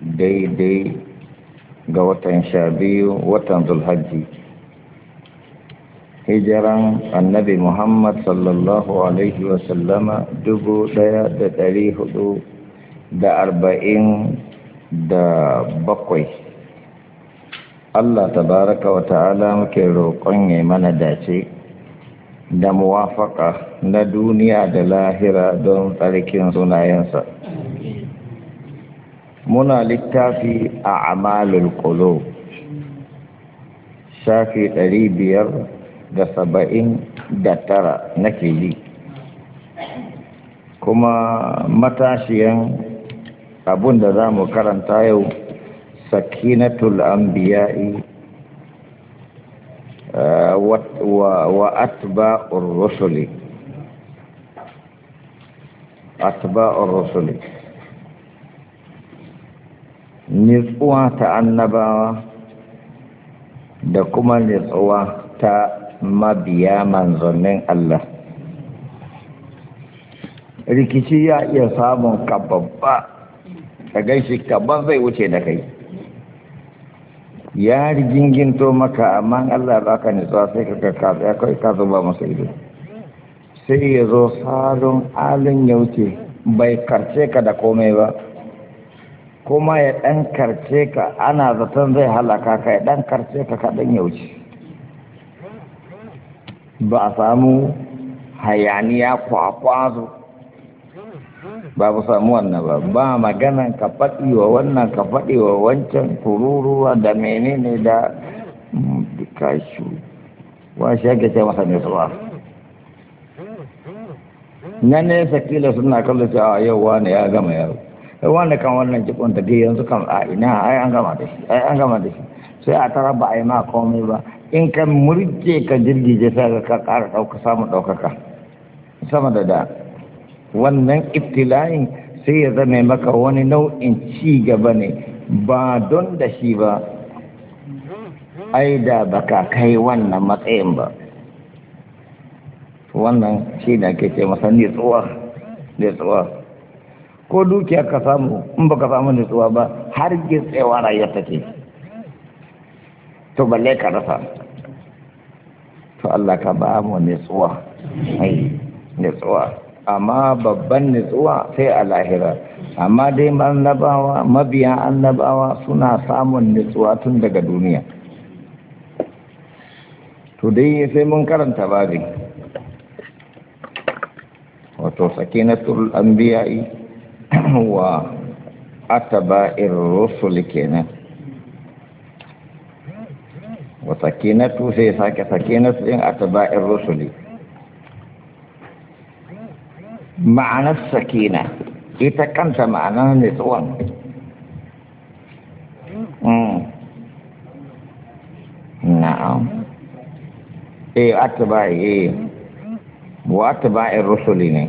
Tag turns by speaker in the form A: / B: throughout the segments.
A: daidai ga watan sha biyu watan zulhajji hijiran annabi muhammad sallallahu alaihi wasallama dubu daya da dari hudu da arba'in da bakwai Allah tabaraka wa ta'ala muke roƙon ya mana dace da muwafaka na duniya da lahira don tsarkin sunayensa. muna littafi a amalul kulo shafi ɗari biyar da saba'in da tara nake yi kuma matashiyan abun da za mu karanta yau sakinatul anbiya'i eh, wa atba'ur rusuli atba'ur rusuli nitsuwa ta annabawa da kuma nitsuwa ta mabiya manzannin Allah rikici ya iya samun kababba ta ka gaishe kabban zai wuce da kai ya riginginto maka amma Allah ba ka nitsuwa sai ka ya kai kasu ba masu ido sai ya zo salon alin ya wuce bai karce ka da komai ba kuma ya ɗan karce ka ana zaton zai halaka ka ya ɗan karce ka kaɗan ya wuce ba a samu hayaniya kwakwazo babu samu wannan ba ba maganan ka faɗi wa wannan ka faɗi wa wancan kururuwa da menene da mm, kashu wa shi ake ce masa ne su na nesa kila suna kallon cewa yau wani ya gama yaro wanda kan wannan jikon ta yanzu kan a ina ai an gama da shi ai an gama da shi sai a tara ba a yi ma komai ba in ka murje ka jirgije sai ka kara dauka samun ɗaukaka sama da da wannan iftila'in sai ya zame maka wani nau'in ci gaba ne ba don da shi ba ai da baka kai wannan matsayin ba wannan shi ne ake ce masa nitsuwa nitsuwa ko dukiya ka samu in baka samu nutsuwa ba har gitsewa rayuwar take to balle ka rasa to Allah ka ba mu nutsuwa ai nutsuwa amma babban nutsuwa sai a lahira amma dai annabawa mabiya annabawa suna samun nutsuwa tun daga duniya to dai sai mun karanta babin wato sakinatul anbiya'i wa atba'ir rusul kenan wa sakinatu sai sake sakinatu din atba'ir rusuli ma'anar sakina ita kanta ma'anar nitsuwan hmm. na'am eh atba'i eh wa atba'ir rusuli ne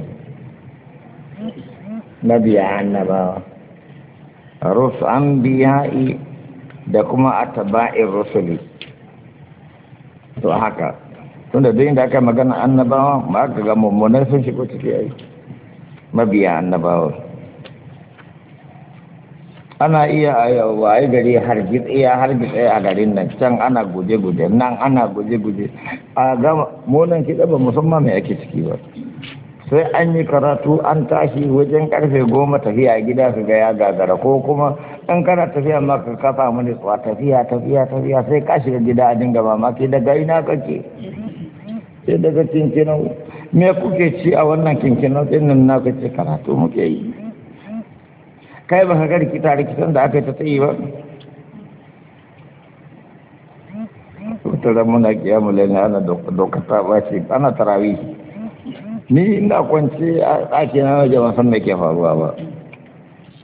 A: mabiya annabawa rusu an biya'i da kuma a taba'in rusuli to haka tun da duk da aka magana annabawa ba aka ga mummunan sun shigo ciki yi mabiya annabawa ana iya a waye gari hargit iya hargit a garin nan can ana guje-guje nan ana guje-guje a gama munan kiɗa ba musamman mai ake ciki ba sai an yi karatu an tashi wajen karfe goma tafiya gida su ga ya gagara ko kuma in kana tafiya ma ka kafa mini tsawa tafiya tafiya tafiya sai ka shiga gida a dinga mamaki daga ina kake sai daga kinkinan me kuke ci a wannan kinkinan sai nan na kace karatu muke yi kai ba ka ga rikita rikitan da aka ta tsayi ba wata ramuna kiyamu lalle ana dokata ba ce ana tarawih ni ina kwance a ɗaki na waje ban san me ke faruwa ba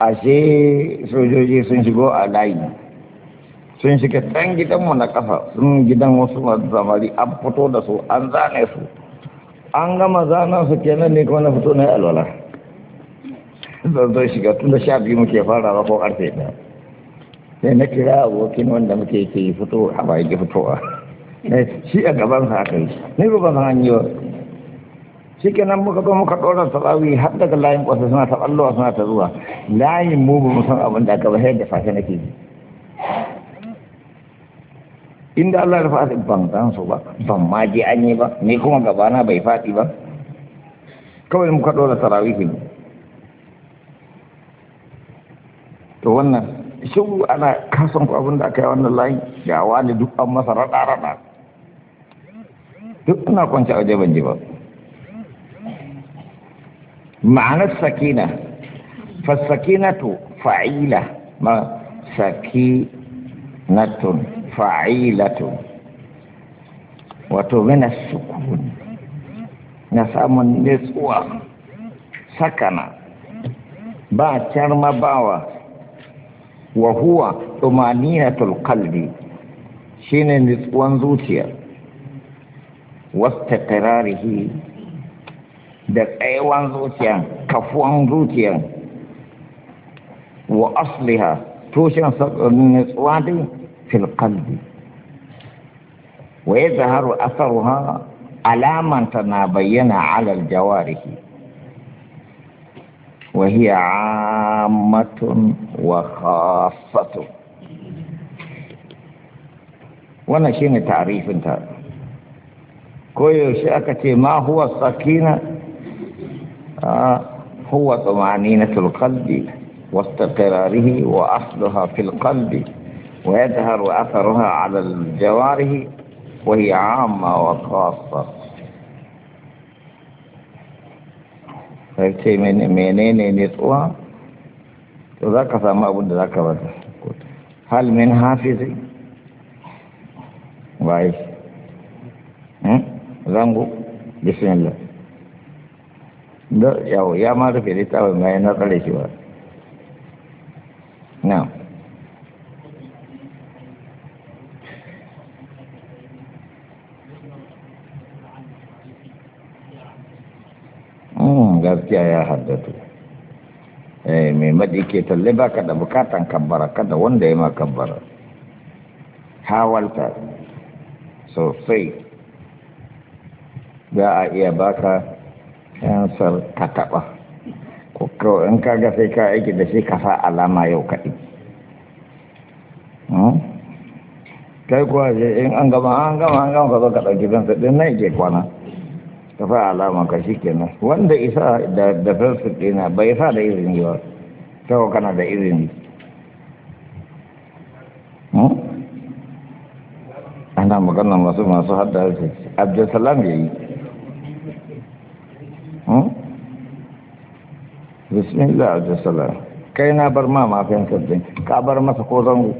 A: ashe sojoji sun shigo a layi sun shiga can gidanmu na kafa sun gidan wasu masu zamari an fito da su an zane su an gama zanen su kenan ne kuma na fito na yi alwala zan zo shiga tun da sha biyu muke fara ko karfe ɗaya sai na kira abokin wanda muke ke fito a bayan fitowa shi a gaban sa kai. Ne ni ba ban hanyar shi nan muka zo muka ɗora tsawi har daga layin ƙwasa suna ta ɓallowa suna ta zuwa layin mu ba mu san abin da aka bayar da safe nake ji inda Allah ya faɗi ban zan so ba ban ma je an yi ba ni kuma gabana bai faɗi ba kawai muka ɗora sarawi ne to wannan shi ana kasan ku abin da aka yi wannan layin ya wani duk an masa raɗa-raɗa duk ina kwanci a waje ban je ba ma'anar sakina fasakinatu fa'ila ma sakinatun fa'ilatun wato mina sukun na samun nutsuwa sakana ba carma bawa wa huwa tumaninatul qalbi shine nutsuwan zuciya wasta da tsayawan zuciya kafuwan zuciya wa asliha tushen nutsuwa dai fil qalbi wa yadhharu atharuha ta na bayyana alal jawarihi wa hiya ammatun wa khassatun wannan shine ta'rifinta koyaushe aka ce ma huwa sakina هو طمأنينة القلب واستقراره وأصلها في القلب ويظهر أثرها على الجوارح وهي عامة وخاصة sai من منين tsuwa تذكر za ka samu هل من حافظ ka bata بسم الله yau ya ma rufe littafin bayan na tsare shi ba na hmm, gaskiya ya haddatu eh, mai maɗi ke talle ba ka da bukatan kambara kada wanda ya ma hawal hawalta sosai za a iya baka yansar ka taɓa ko in kaga sai ka aiki da shi ka sa alama yau kaɗi kai kuwa ce in an gama an gama an gama ka zo ka ɗauki fensa ɗin nan ke kwana ka sa alama ka shi kenan wanda isa da fensa ɗina bai sa da izini ba sau kana da izini hmm? ana magana masu masu haddasa abdulsalam ya yi Hmm? bismillah abdulsalam kai na bar ma mafiyan sabbin ka bar masa ko zango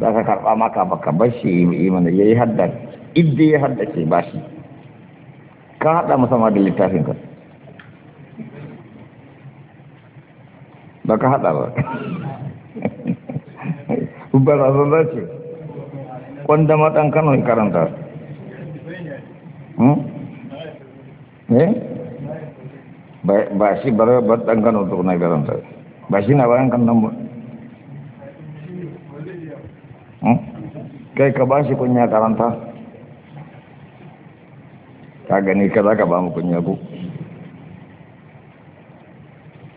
A: za ka karɓa maka baka bar shi yi mana ya yi hada idda ya hada ke ba shi ka haɗa masa ma da littafin ka ba ka haɗa ba barazan za ce wanda matan kanon karanta hmm? eh ba shi bar ɗan kano tukuna garanta ba shi na bayan kan nan ba kai ka ba shi kunya karanta ka gani ka za ka ba mu kunya ku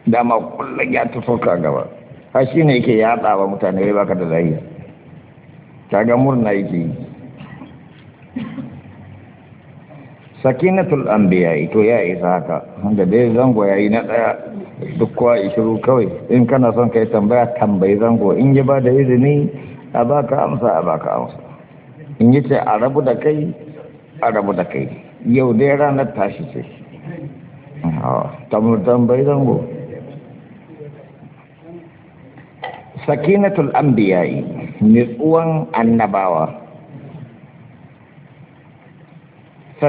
A: dama kullum ya tafi ka gaba ha shi ne yake yaɗa wa mutane ya baka da lahiya ta ga murna yake yi sakinatul anbiya to ya isa haka wanda dai zango yayi na daya duk kowa ishiru kawai in kana son kai tambaya tambayi zango in yi ba da izini a baka amsa a baka amsa in yi ce a rabu da kai a rabu da kai yau dai ranar tashi ce tambayi zango sakinatul anbiya nutsuwan annabawa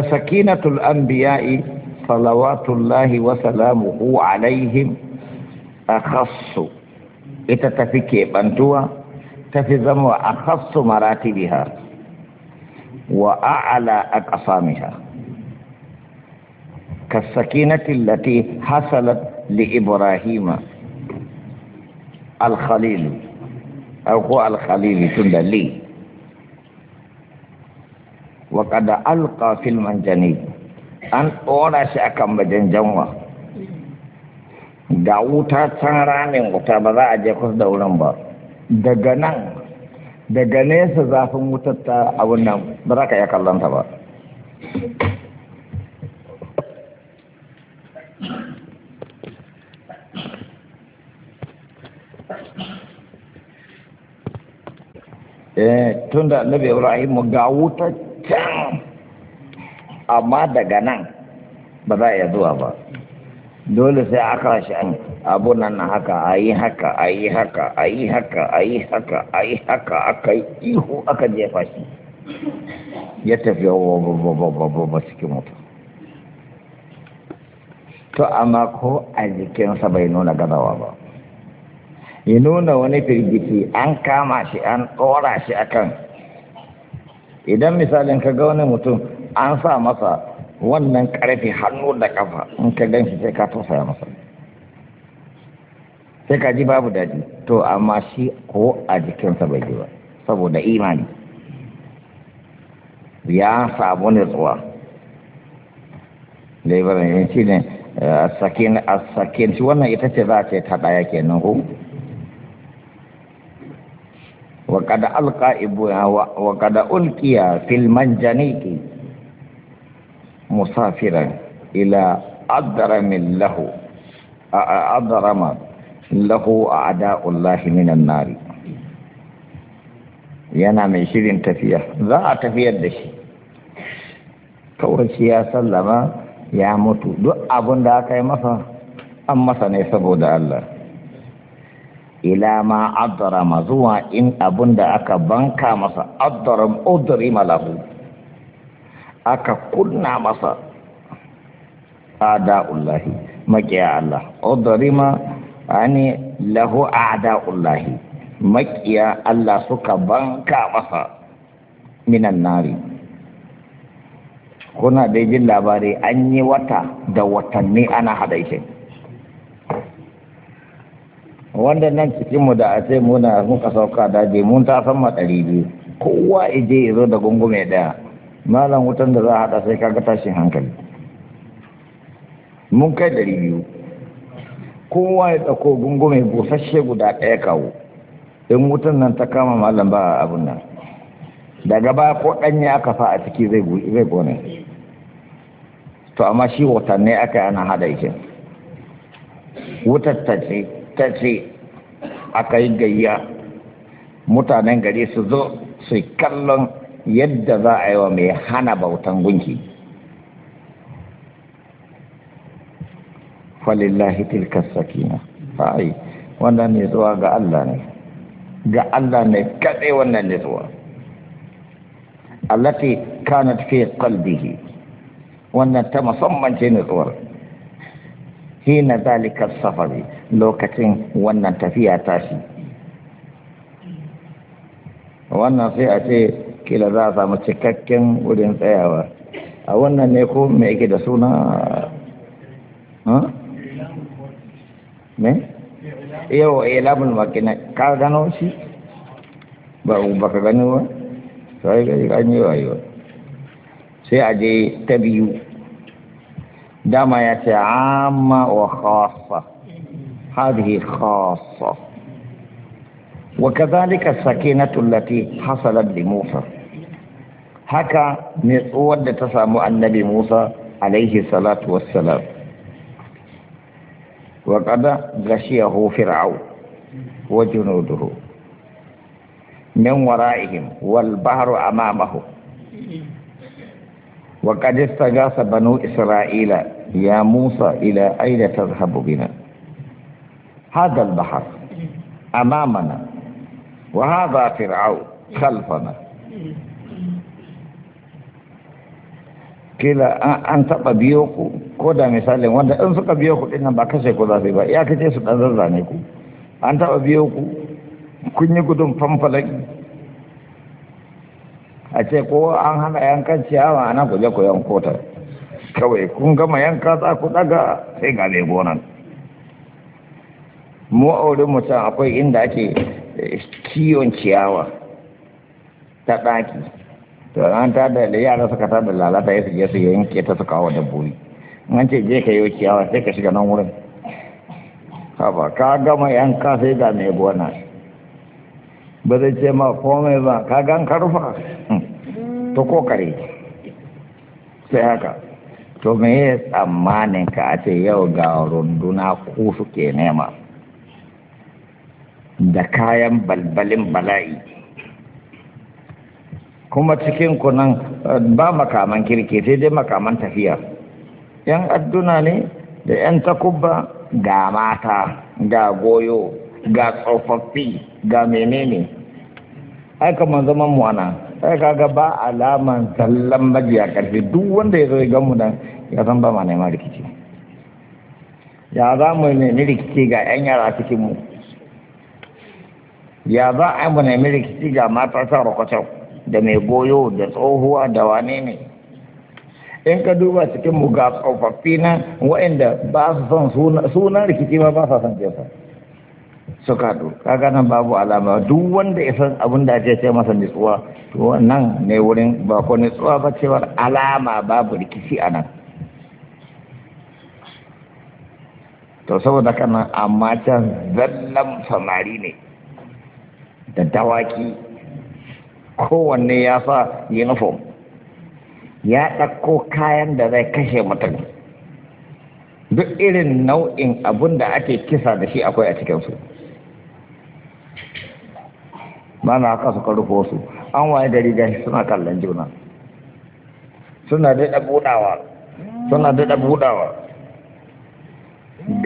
A: فسكينة الأنبياء صلوات الله وسلامه عليهم أخص إتتفكي بنتوا تفزم أخص مراتبها وأعلى أقصامها كالسكينة التي حصلت لإبراهيم الخليل أو هو الخليل لي wa kada alqa fil manjani an ɗora shi akan bajan janwa da wuta can ramin wuta ba za a je kusa da wurin ba daga nan daga nesa zafin wutar ta abin nan ba za ka iya kallonta ba tun da nabi ibrahim ga wutar can amma daga nan ba za a zuwa ba dole sai aka shi an abu nan na haka a yi haka a yi haka a yi haka a yi haka a yi haka aka yi ihu aka jefa shi ya tafiya ba cikin mutu to amma ko a jikinsa bai nuna gazawa ba ya nuna wani firgiti an kama shi an ɗora shi akan idan misalin ka ga wani mutum an sa masa wannan karfe hannu da kafa in ka gan shi sai ka tausaya masa sai ka ji babu daji to amma shi ko a jikinsa bai ji ba saboda imani ya samu nutsuwa labarin yanci ne eh, a sakin shi wannan ita ce za a ce ta ɗaya kenan ko wa kada alqa ibu wa kada fil manjaniki musafiran ila adramin lahu adrama lahu a'da'ullahi minan nari yana mai shirin tafiya za a tafiyar da shi kawai shi ya sallama ya mutu duk abin da aka yi masa an masa ne saboda Allah ila ma addarama zuwa in abun da aka banka masa addaram udrima lahu aka kunna masa ada'ullahi maƙiya Allah udrima ani lahu ada'ullahi maƙiya Allah suka banka masa minan nari kuna da jin labari an yi wata da watanni ana hada shi wanda nan cikinmu da a ce muna muka sauka daji mun ta san ma ɗari biyu kowa ije ya zo da gungume ɗaya malam wutan da za a haɗa sai kaga tashin hankali mun kai ɗari biyu kowa ya ɗauko gungume busasshe guda ɗaya kawo in wutan nan ta kama malam ba abun nan daga baya ko ɗanye aka fa a ciki zai gone to amma shi watanni aka ana haɗa ikin wutar ta ce ta aka yi gayya mutanen gari su zo su kallon yadda za a yi wa mai hana bautan gunki falillahi tilkar sakina ai wannan ne zuwa ga Allah ne ga Allah ne kaɗai wannan ne zuwa allati kanat fi qalbihi wannan ta musamman ce ne zuwar hina zalika safari lokacin wannan tafiya tashi wannan sai a ce kila za a samu cikakken wurin tsayawa a wannan ne ko mai yake da suna ne? yau a eh, labin makina ka gano shi ba ka gani ba sai yi sai a je ta biyu دم عامة وخاصة هذه خاصة وكذلك السكينة التي حصلت لموسى هكا نقوة تسامع النبي موسى عليه الصلاة والسلام وقد غشيه فرعون وجنوده من ورائهم والبحر أمامه وقد استغاث بنو إسرائيل يا موسى إلى أين تذهب بنا هذا البحر أمامنا وهذا فرعون خلفنا kila an taɓa biyo ko da misalin wanda in suka biyo ku ba kashe ku za ba ya kace su ɗan ku an taɓa kun yi gudun fanfalaki a ce ko an hana yankan ciyawa ana kuje ku yanko ta kawai kun gama yanka za ku daga sai ga mai gonan mu aure mu akwai inda ake kiyon ciyawa ta ɗaki to an ta da yara suka ta da lalata ya suke su yanke ta su kawo dabbobi an ce je ka yi ciyawa sai ka shiga nan wurin haba ka gama yanka sai ga mai gonan. ba zai ce ma komai ba ka gan karfa hmm. to ko kare sai haka to me ya tsammanin ka a ce yau ga runduna ku suke nema da kayan balbalin bala'i kuma cikin kunan eh, ba makaman kirki sai dai makaman tafiya yan adduna ne da yan takubba ga mata ga goyo ga tsofaffi ga menene ai kamar zaman mu ana sai kaga ba alaman sallan majiya karfi duk wanda ya zo ya gamu dan ya san ba ma neman rikici ya za mu nemi rikici ga yan yara cikin mu ya za a mu nemi rikici ga mata ta da mai goyo da tsohuwa da wane ne in ka duba cikin mu ga tsofaffi na ba su son sunan rikici ba ba sa son jefa suka haɗu kaga nan babu alama duk wanda ya san abin da ake ce masa nitsuwa to nan ne wurin ba ko nitsuwa ba cewar alama babu rikici a nan to saboda kana amma can zallan samari ne da dawaki kowanne ya sa uniform ya ɗauko kayan da zai kashe mutum duk irin nau'in abun da ake kisa da shi akwai a cikinsu ba na haka suka rufe wasu an waye gari gashi suna kallon juna suna daɗa buɗawa suna daɗa buɗawa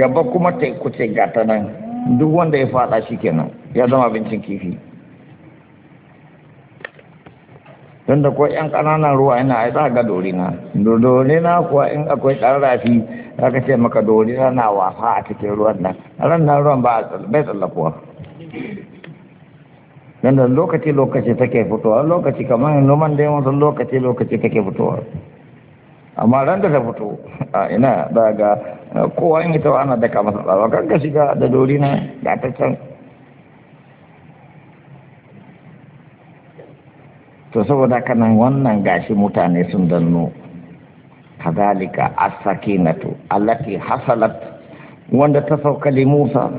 A: gaba kuma teku ce gata nan duk wanda ya faɗa shi kenan ya zama abincin kifi don da kuwa 'yan ƙananan ruwa yana a za ga dorina dorina kuwa in akwai ɗan rafi aka ce maka dorina na wasa a cikin ruwan nan ranar ruwan ba a bai tsallakuwa nan lokaci lokaci take fitowa lokaci kamar noman da yawan lokaci lokaci take fitowa amma ran da ta fito a ina daga kowa in ita ana daka masa tsawa kan shiga da dori na da ta can to saboda kanan wannan gashi mutane sun danno kadhalika as-sakinatu allati hasalat wanda ta sauka li Musa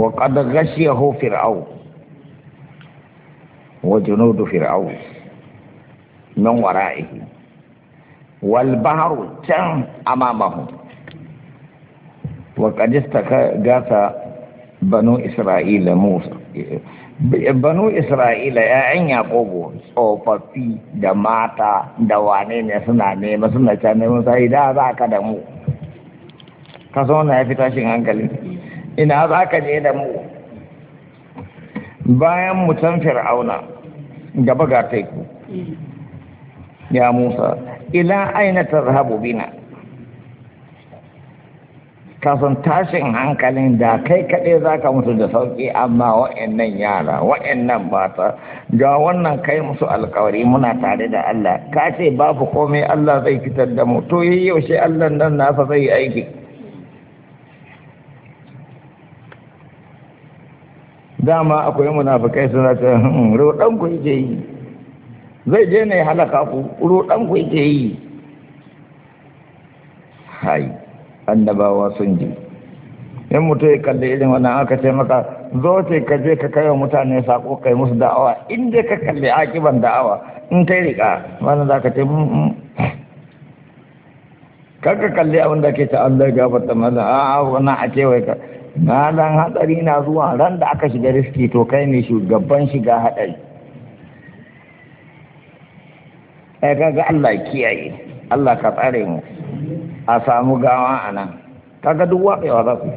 A: wa qad ghashiyahu fir'aun Wajen na duba fir'auna nan wara aiki. Walbaharu can a mamam. banu ka gasa bannu Isra'ila ya yin yaɓo gobe. da mata da wanene suna nema suna cana masa, ina za ka da mu? Kasanwar na ya fi hankali. Ina za ne da mu? Bayan mu fir'auna. gaba ga teku ya musa ila aina tazhabu bina kasan tashin hankalin da kai kaɗai za ka mutu da sauƙi amma wa'annan yara wa'annan mata ga wannan kai musu alkawari muna tare da Allah ka ce babu komai Allah zai fitar da mu to yaushe Allah nan nasa zai yi aiki dama akwai munafikai suna ce hmm, roɗan ku yake yi zai je ne halaka ku roɗan ku yake yi hai annabawa sun ji in mutum ya kalli irin wannan aka ce maka zo ce ka je ka kai wa mutane sako kai musu da'awa in dai ka kalli akiban da'awa in kai riƙa wannan za ka ce hmm, hmm. kaka kalli abin da ke ta Allah ya gafarta mana a wannan a kewaye ka na dan hatsari na zuwa ran da aka shiga riski to kai ne shugaban shiga hadari ai kaga Allah kiyaye Allah ka tsare mu a samu gawa a nan kaga duk waƙewa za su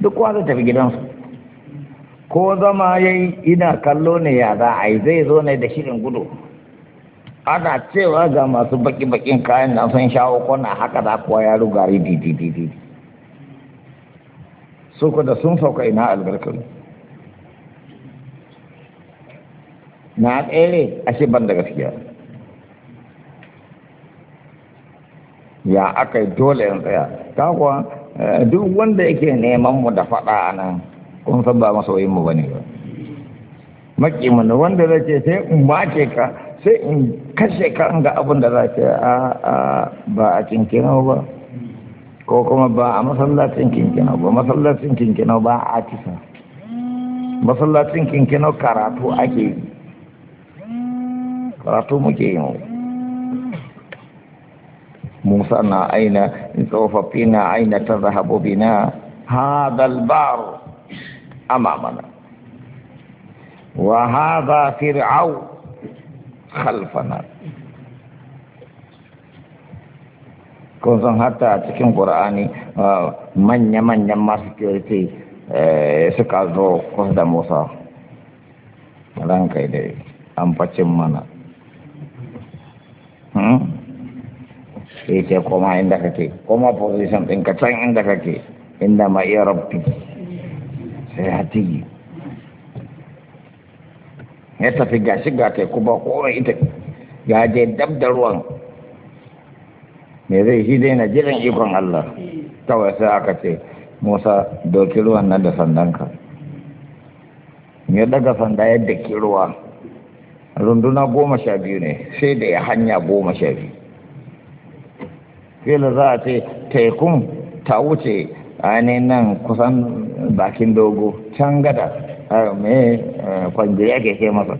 A: duk wa zai tafi gidansu ko zama yayi ina kallo ne ya za a yi zai zo ne da shirin gudu ana cewa ga masu baki-bakin kayan nan sun shawo kwana haka za kuwa yaro gari didididi su ku da sun sauka ina albarkar na tsere ashe ban da gaskiya ya aka yi dole in tsaya ta kuwa eh, duk wanda yake neman mu da faɗa a nan kun san ba masoyin mu ba ne ba maki wanda zai ce sai in ce ka sai in kashe kan ga abin da za ta a ba a cinkina ba ko kuma ba a masallacin kinkina ba masallacin kinkina ba a kisa masallacin kinkina karatu ake yi karatu muke yi musa na aina tsofaffi na aina ta zahabobi na. hadal baro amamana wa hada fir'au khalfana kun san hatta a cikin ƙura'ani eh, manya-manyan masu security suka zo kusa da musa ran kai dai an facin mana sai hmm? ce kuma inda kake kuma position ka can inda kake inda ma iya rabbi sai hatigi ya tafi gashi ga kai ba kowai ita ya je dab da ruwan me zai shi dai na jiran ikon Allah kawai sai aka ce Musa doki ruwan nan da sandanka ya daga sanda yadda ke ruwa runduna goma sha biyu ne sai da ya hanya goma sha biyu fila za a ce tekun ta wuce ainihin nan kusan bakin dogo can gada har me kwanjiri ake ce masa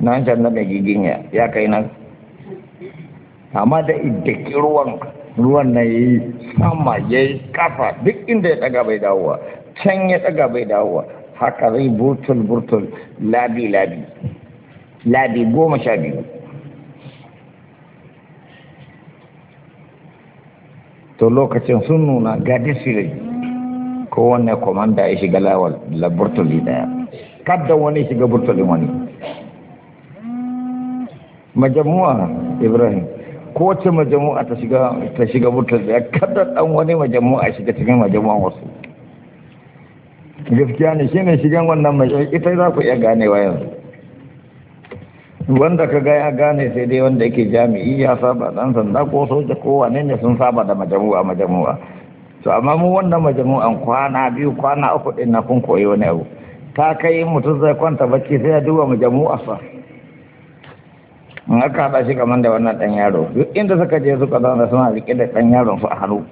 A: nan can na mai giginya ya kai nan amma da iddaki ruwan ruwan na yi sama ya yi kafa duk inda ya daga bai dawowa can ya daga bai dawowa haka zai burtul burtul labi labi labi goma sha biyu to lokacin sun nuna ga disiri kowanne komanda ya shiga lawal laburtuli daya kada wani shiga burtulin wani Majamuwa ibrahim kowace majamuwa ta shiga ta shiga burtulin kada dan wani majamuwa a shiga cikin majamuwa wasu gaskiya ne shine shigan wannan mai ita za ku iya ganewa yanzu wanda ka ga ya gane sai dai wanda yake jami'i ya saba dan sanda ko soja ko wane ne sun saba da majamuwa majamuwa. to amma mu wannan majamuwan kwana biyu kwana uku din na kun koyi wani abu ta kai mutum zai kwanta bacci sai ya duba sa in aka haɗa shi kamar da wannan ɗan yaro duk inda suka je suka da suna riƙe da ɗan yaron su a hannu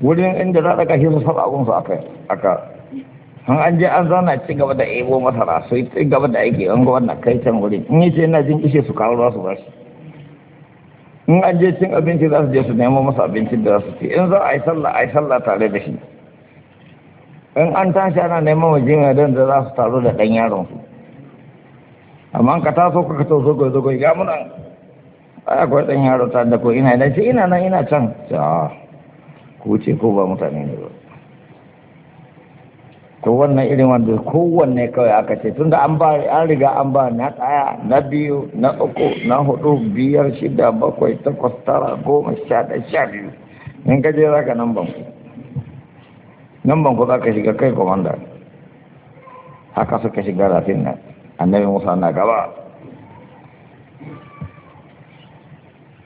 A: wurin inda za a kashe su saba abun su aka aka an an je an zauna ci gaba da ebo masara su ci gaba da aiki an ga wannan kai can wurin in ce ina jin kishe su kawo su ba shi in an je cin abinci za su je su nemo masa abincin da za su ci in za a yi sallah a yi sallah tare da shi in an tashi ana neman wajen yadon da za su taru da ɗan yaron su amma ka taso ka ka taso ga zogoyi ga muna aya kawai ɗan yaro ta da ko ina da ce ina nan ina can ta ah, ku ce ko ba mutane ne ba to wannan irin wanda kowanne kawai aka ce tunda an ba an riga an ba na ɗaya na biyu na uku na hudu biyar shida bakwai takwas tara goma sha ɗaya sha biyu in ka je za ka nan ban ku nan ban ku za ka shiga kai komanda haka suka shiga rafin nan annabi musa na gaba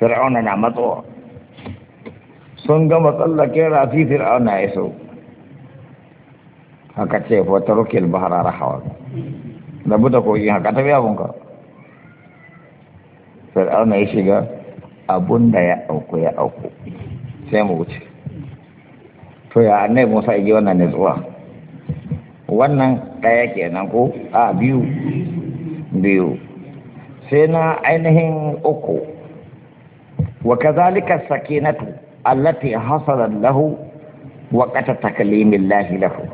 A: fir'auna na matsowa sun gama tsallake rafi fir'auna ya sau haka ce fata rukil bahara rahawa da buta kogin haka ta biya bunka fir'auna ya shiga abun da ya auku ya auku sai mu wuce to ya annai musa iji wannan nutsuwa wannan ɗaya kenan ko a biyu biyu sai na ainihin uku wa kazalika sakinatu allati wakata lahu waqata lahi lahu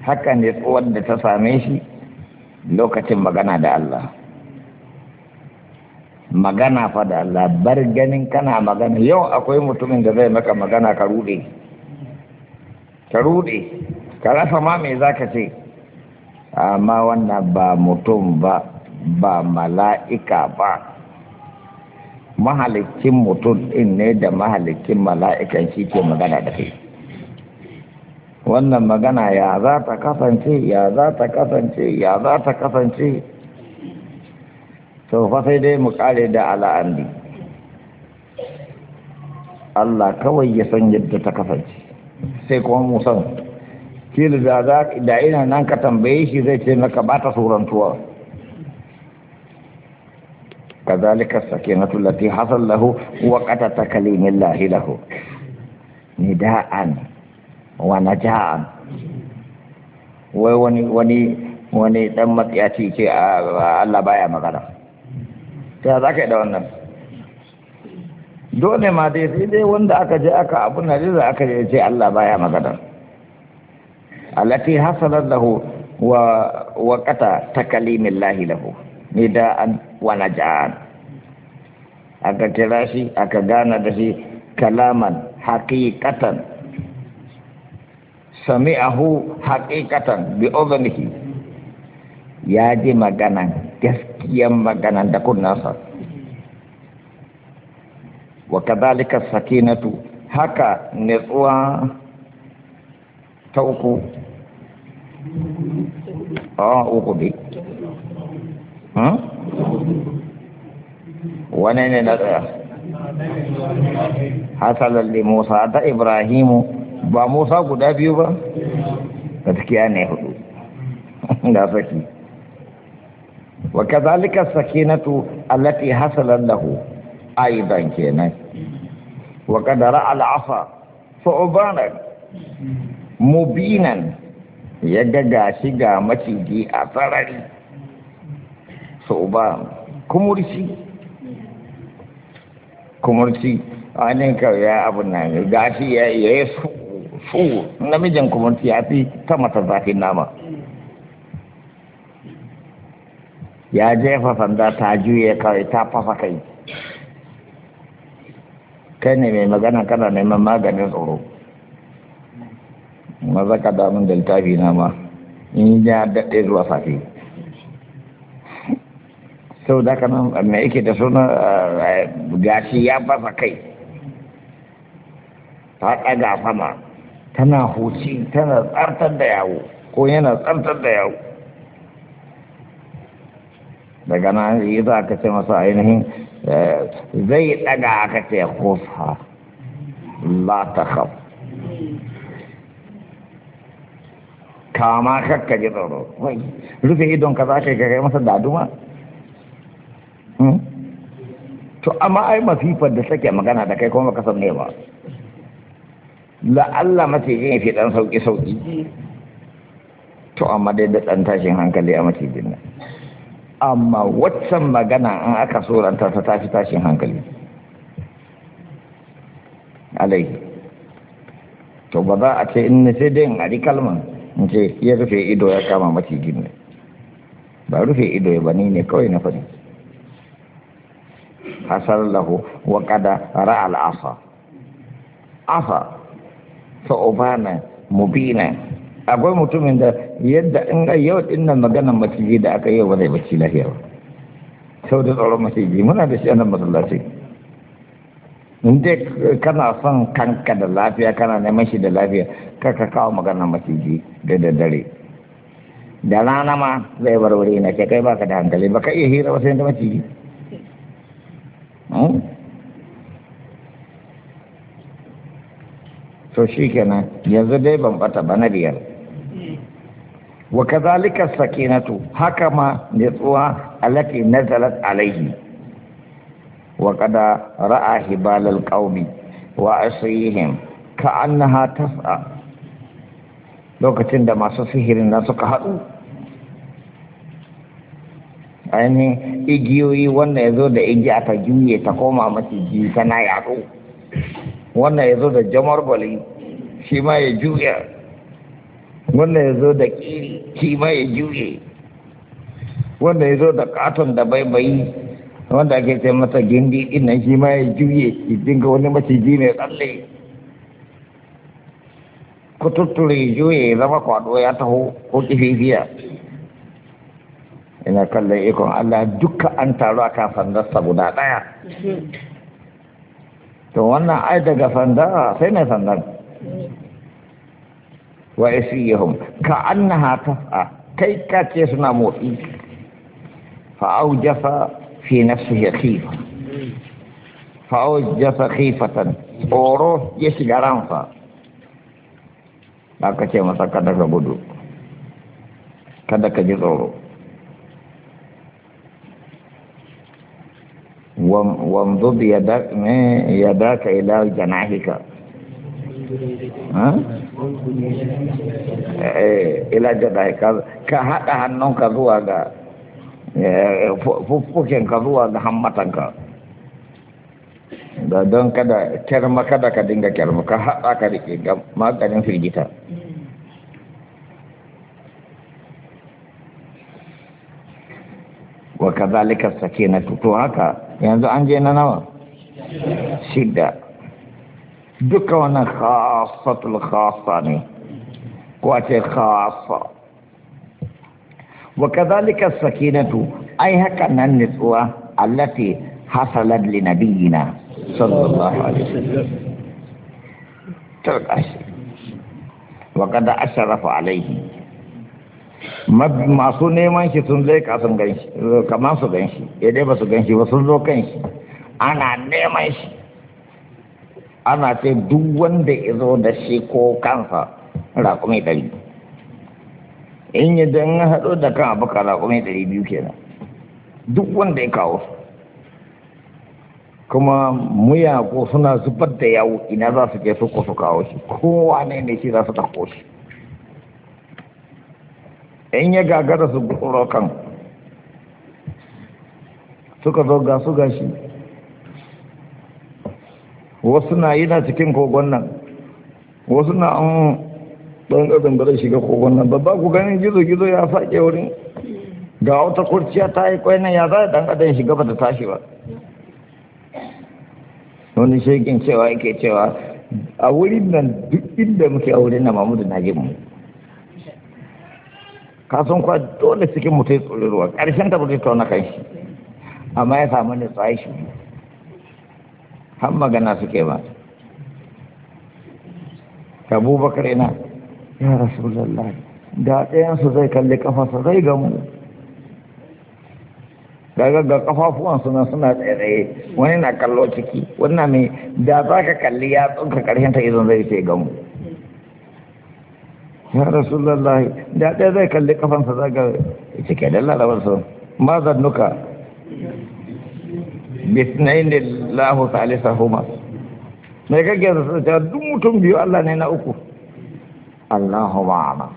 A: haka ne wanda da ta same shi lokacin magana da Allah magana fa da Allah bar ganin kana magana yau akwai mutumin da zai maka magana ka rude ka rude ka rasa ma me za ka ce amma wannan ba mutum ba ba mala'ika ba mahalicin mutum ɗin ne da mahalikin mala'ikan shi ke magana da kai wannan magana ya za ta kasance ya za ta kasance ya za ta kasance to fa sai dai mu kare da ala'andi Allah kawai ya san yadda ta kasance sai kuma musan kila da za da ina nan ka tambaye shi zai ce maka ba ta surantuwa kazalika sakinatu lati hasal lahu wa qata llahi lahu nida'an wa naja'an wai wani wani wani dan matsiyaci ce Allah baya magana ta za ka yi da wannan dole ma dai sai dai wanda aka je aka abu na za aka je ce Allah baya magana alati hasalat lahu wa wa qata takalimillahi lahu nida'an wa naja'an aka kira shi aka gana da shi kalaman haqiqatan sami'ahu haqiqatan bi udhnihi ya ji maganan gaskiyan maganan da kunnasa wa kadhalika sakinatu haka ne nitsuwa ta uku
B: a uku bi
A: hmm? wane ne na tsaya hasalar limosa ta ibrahimu ba musa guda biyu ba da ta tukiya ne hudu da saki wa kadhalika sakinatu allati hasalar lahu aidan kenan wa qadara al'afa ubana mubinan ya daga shi ga maciji a sarari uba kumurci kumurci ka ya abu na gashi ya ya su namijin kumurci ya fi ta mata zafi nama ya jefa sanda ta juye kawai ta fasa kai kai ne mai magana kana neman maganin tsoro maza ka damun da littafi na ma in ya daɗe zuwa safi sau da ka nan mai yake da suna gashi ya fasa kai ta ɗaga sama tana huci tana tsartar da yawo ko yana tsartar da yawo daga nan yi za ka ce masa ainihin Eh, zai daga aka ce kofa la ta khaf kama kakka ji tsoro wai rufe idon ka za ka kai masa daduma hmm? to amma ai masifar da take magana da kai kuma baka san ne ba la Allah mace yin fi dan sauki sauki to amma dai da dan tashin hankali a macijin nan amma waccan magana an aka tsoranta ta tafi tashin hankali alai to ba za a ce in na sai dai in ari kalman in ce ya rufe ido ya kama mace ne ba rufe ido ya bani ne kawai na fari hasar lahu wa kada ra'al asa asa sa'ubana mubina akwai mutumin da yadda in yau din nan maganar maciji da aka yau ba zai bacci lahiyar sau da tsoron maciji muna da shi a nan masallaci in dai kana son kanka da lafiya kana neman shi da lafiya kaka kawo maganar maciji da daddare da rana ma zai warware na ke kai baka da hankali baka iya hira wasu yadda maciji hmm? to shi kenan yanzu dai ban bata ba na biyar wa kazalika sakinatu haka ma nutsuwa allati nazalat alaihi wa kada ra'a hibalal qaumi wa asrihim ka annaha tas'a lokacin da masu sihirin na suka haɗu ainihin igiyoyi wanda ya zo da a ta juye ta koma maciji tana yaɗo wannan ya zo da jamar bali shi ma ya juya wannan ya zo da kima ya juye wanda ya zo da katon da baibayi wanda ake ce masa gindi ina shi ma ya juye dinga wani maciji mai tsalle kututture juye ya zama kwado ya taho ko kififiya ina kallon ikon Allah duka an taru a kan sandarsa guda ɗaya to wannan ai daga sanda sai mai sandar
B: mm.
A: وعصيهم كأنها تفعى كي كاتيسنا موئي فأوجف في نفسه خيفة فأوجف خيفة أوروه يسي غرانفا aka ce masa kada ka gudu kada ka يداك إلى جناحك Eh, eh, ila jadai ka haɗa hannunka zuwa ga eh, ka zuwa ga ka da don kada kyarma kada ka dinga kyarma ka hada ka rike ga maganin firgita wa kazalika sakinatu to haka yanzu an je na nawa shida duka wannan khasatul khasa ne ko a ce khasa wa kazalika sakinatu ai haka nan nutsuwa allati hasalat li nabiyina sallallahu alaihi wasallam tarkashi wa kada asharafa alaihi masu neman shi sun zai kasan ganshi kamar su ganshi ya eh dai ba su ganshi ba sun zo kanshi ana neman shi ana ce duk wanda ya zo da shi ko kansa raƙumi ɗari in yi don haɗo da kan abu ka raƙumi ɗari biyu kenan duk wanda ya kawo kuma muya ko suna zubar da yawo ina za su je su ko su kawo shi kowa ne ne shi za su ɗauko shi in ya gagara su gutsuro kan suka zo ga su gashi wasu na yi na cikin kogon nan wasu na an mm, ɗan ƙasan da zai shiga kogon nan babba ku ganin gizo-gizo ya sake wurin ga wata kurciya ta yi kwai nan ya za a ɗan ƙasan shiga ba ta tashi ba wani shekin cewa yake cewa a wurin nan duk inda muke a wurin nan mamudu na jin mu kasan kwa dole cikin mutai tsoron ruwa ƙarshen ta wani kanshi kan shi amma ya samu ne tsaye shi har magana suke ba abubakar ina ya rasu rasulallah da ɗayansu zai kalli kafasa zai gamu daga ga kafafuwan suna suna tsaye wani na kallo ciki wannan mai da za ka kalli ya tsunka karshen ta izon zai ce gamu ya rasu rasulallah da ɗaya zai kalli kafansa ga cike da lalabarsa ma zannuka bisnain lillahu huma me kake da duk mutum biyu Allah ne na uku Allahu ma'ana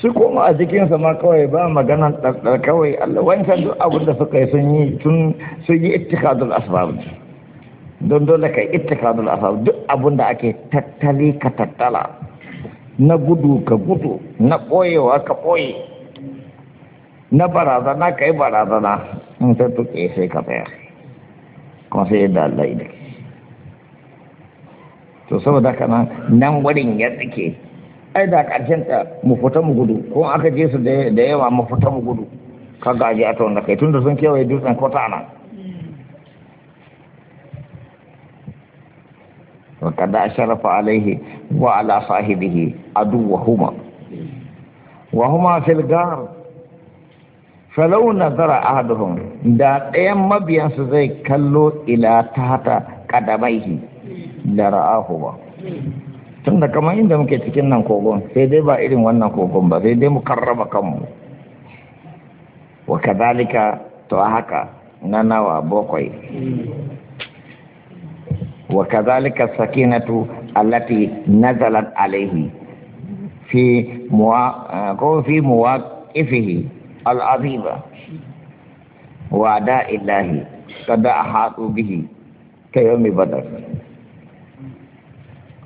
A: su koma a jikinsa ma kawai ba magana da kawai Allah wancan duk abin da suka yi sun yi tun sun yi ittikadul asbab don dole kai ittikadul asbab duk abin da ake tattali ka tattala na gudu ka gudu na ɓoyewa ka ɓoye na barazana ka barazana in ta tuke sai ka tsaya kuma sai yadda Allah to saboda kana nan gwadin ya tsike ai da karshen ta mu fita mu gudu ko aka je su da yawa mu fita mu gudu ka gaji a tawon da kai tunda sun kewaye dutsen kota nan وقد أشرف عليه وعلى صاحبه عدوهما وهما في الغار falau nazara ahaduhum da ɗayan mabiyansu zai kallo ila tata kadamaihi da ra'ahu ba tun da kamar inda muke cikin nan kogon sai dai ba irin wannan kogon ba sai dai mu karraba kanmu wa kadalika to haka na nawa bakwai wa kadalika sakinatu allati nazalat alaihi fi muwa ko fi muwaqifihi wa a haɗu bihi ta yau mai badar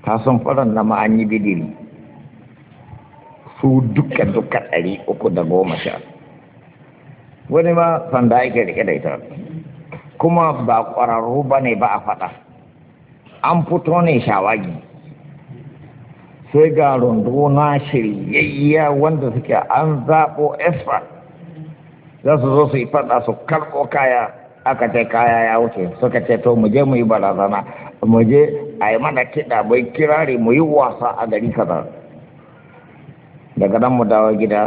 A: ta sun faran na ma'anyi bidiri su duka duka ɗari uku da goma sha wani ma sanda ake rike da ita kuma ba ƙwararru ba ne ba a faɗa an fito ne shawagi sai ga runduna shiryayya wanda suke an zaɓo expert za su zo su yi faɗa su karko kaya aka ce kaya ya wuce suka ce to mu mu yi barazana muje je a yi mana kiɗa bai kirari mu yi wasa a gari kaza daga nan mu dawo gida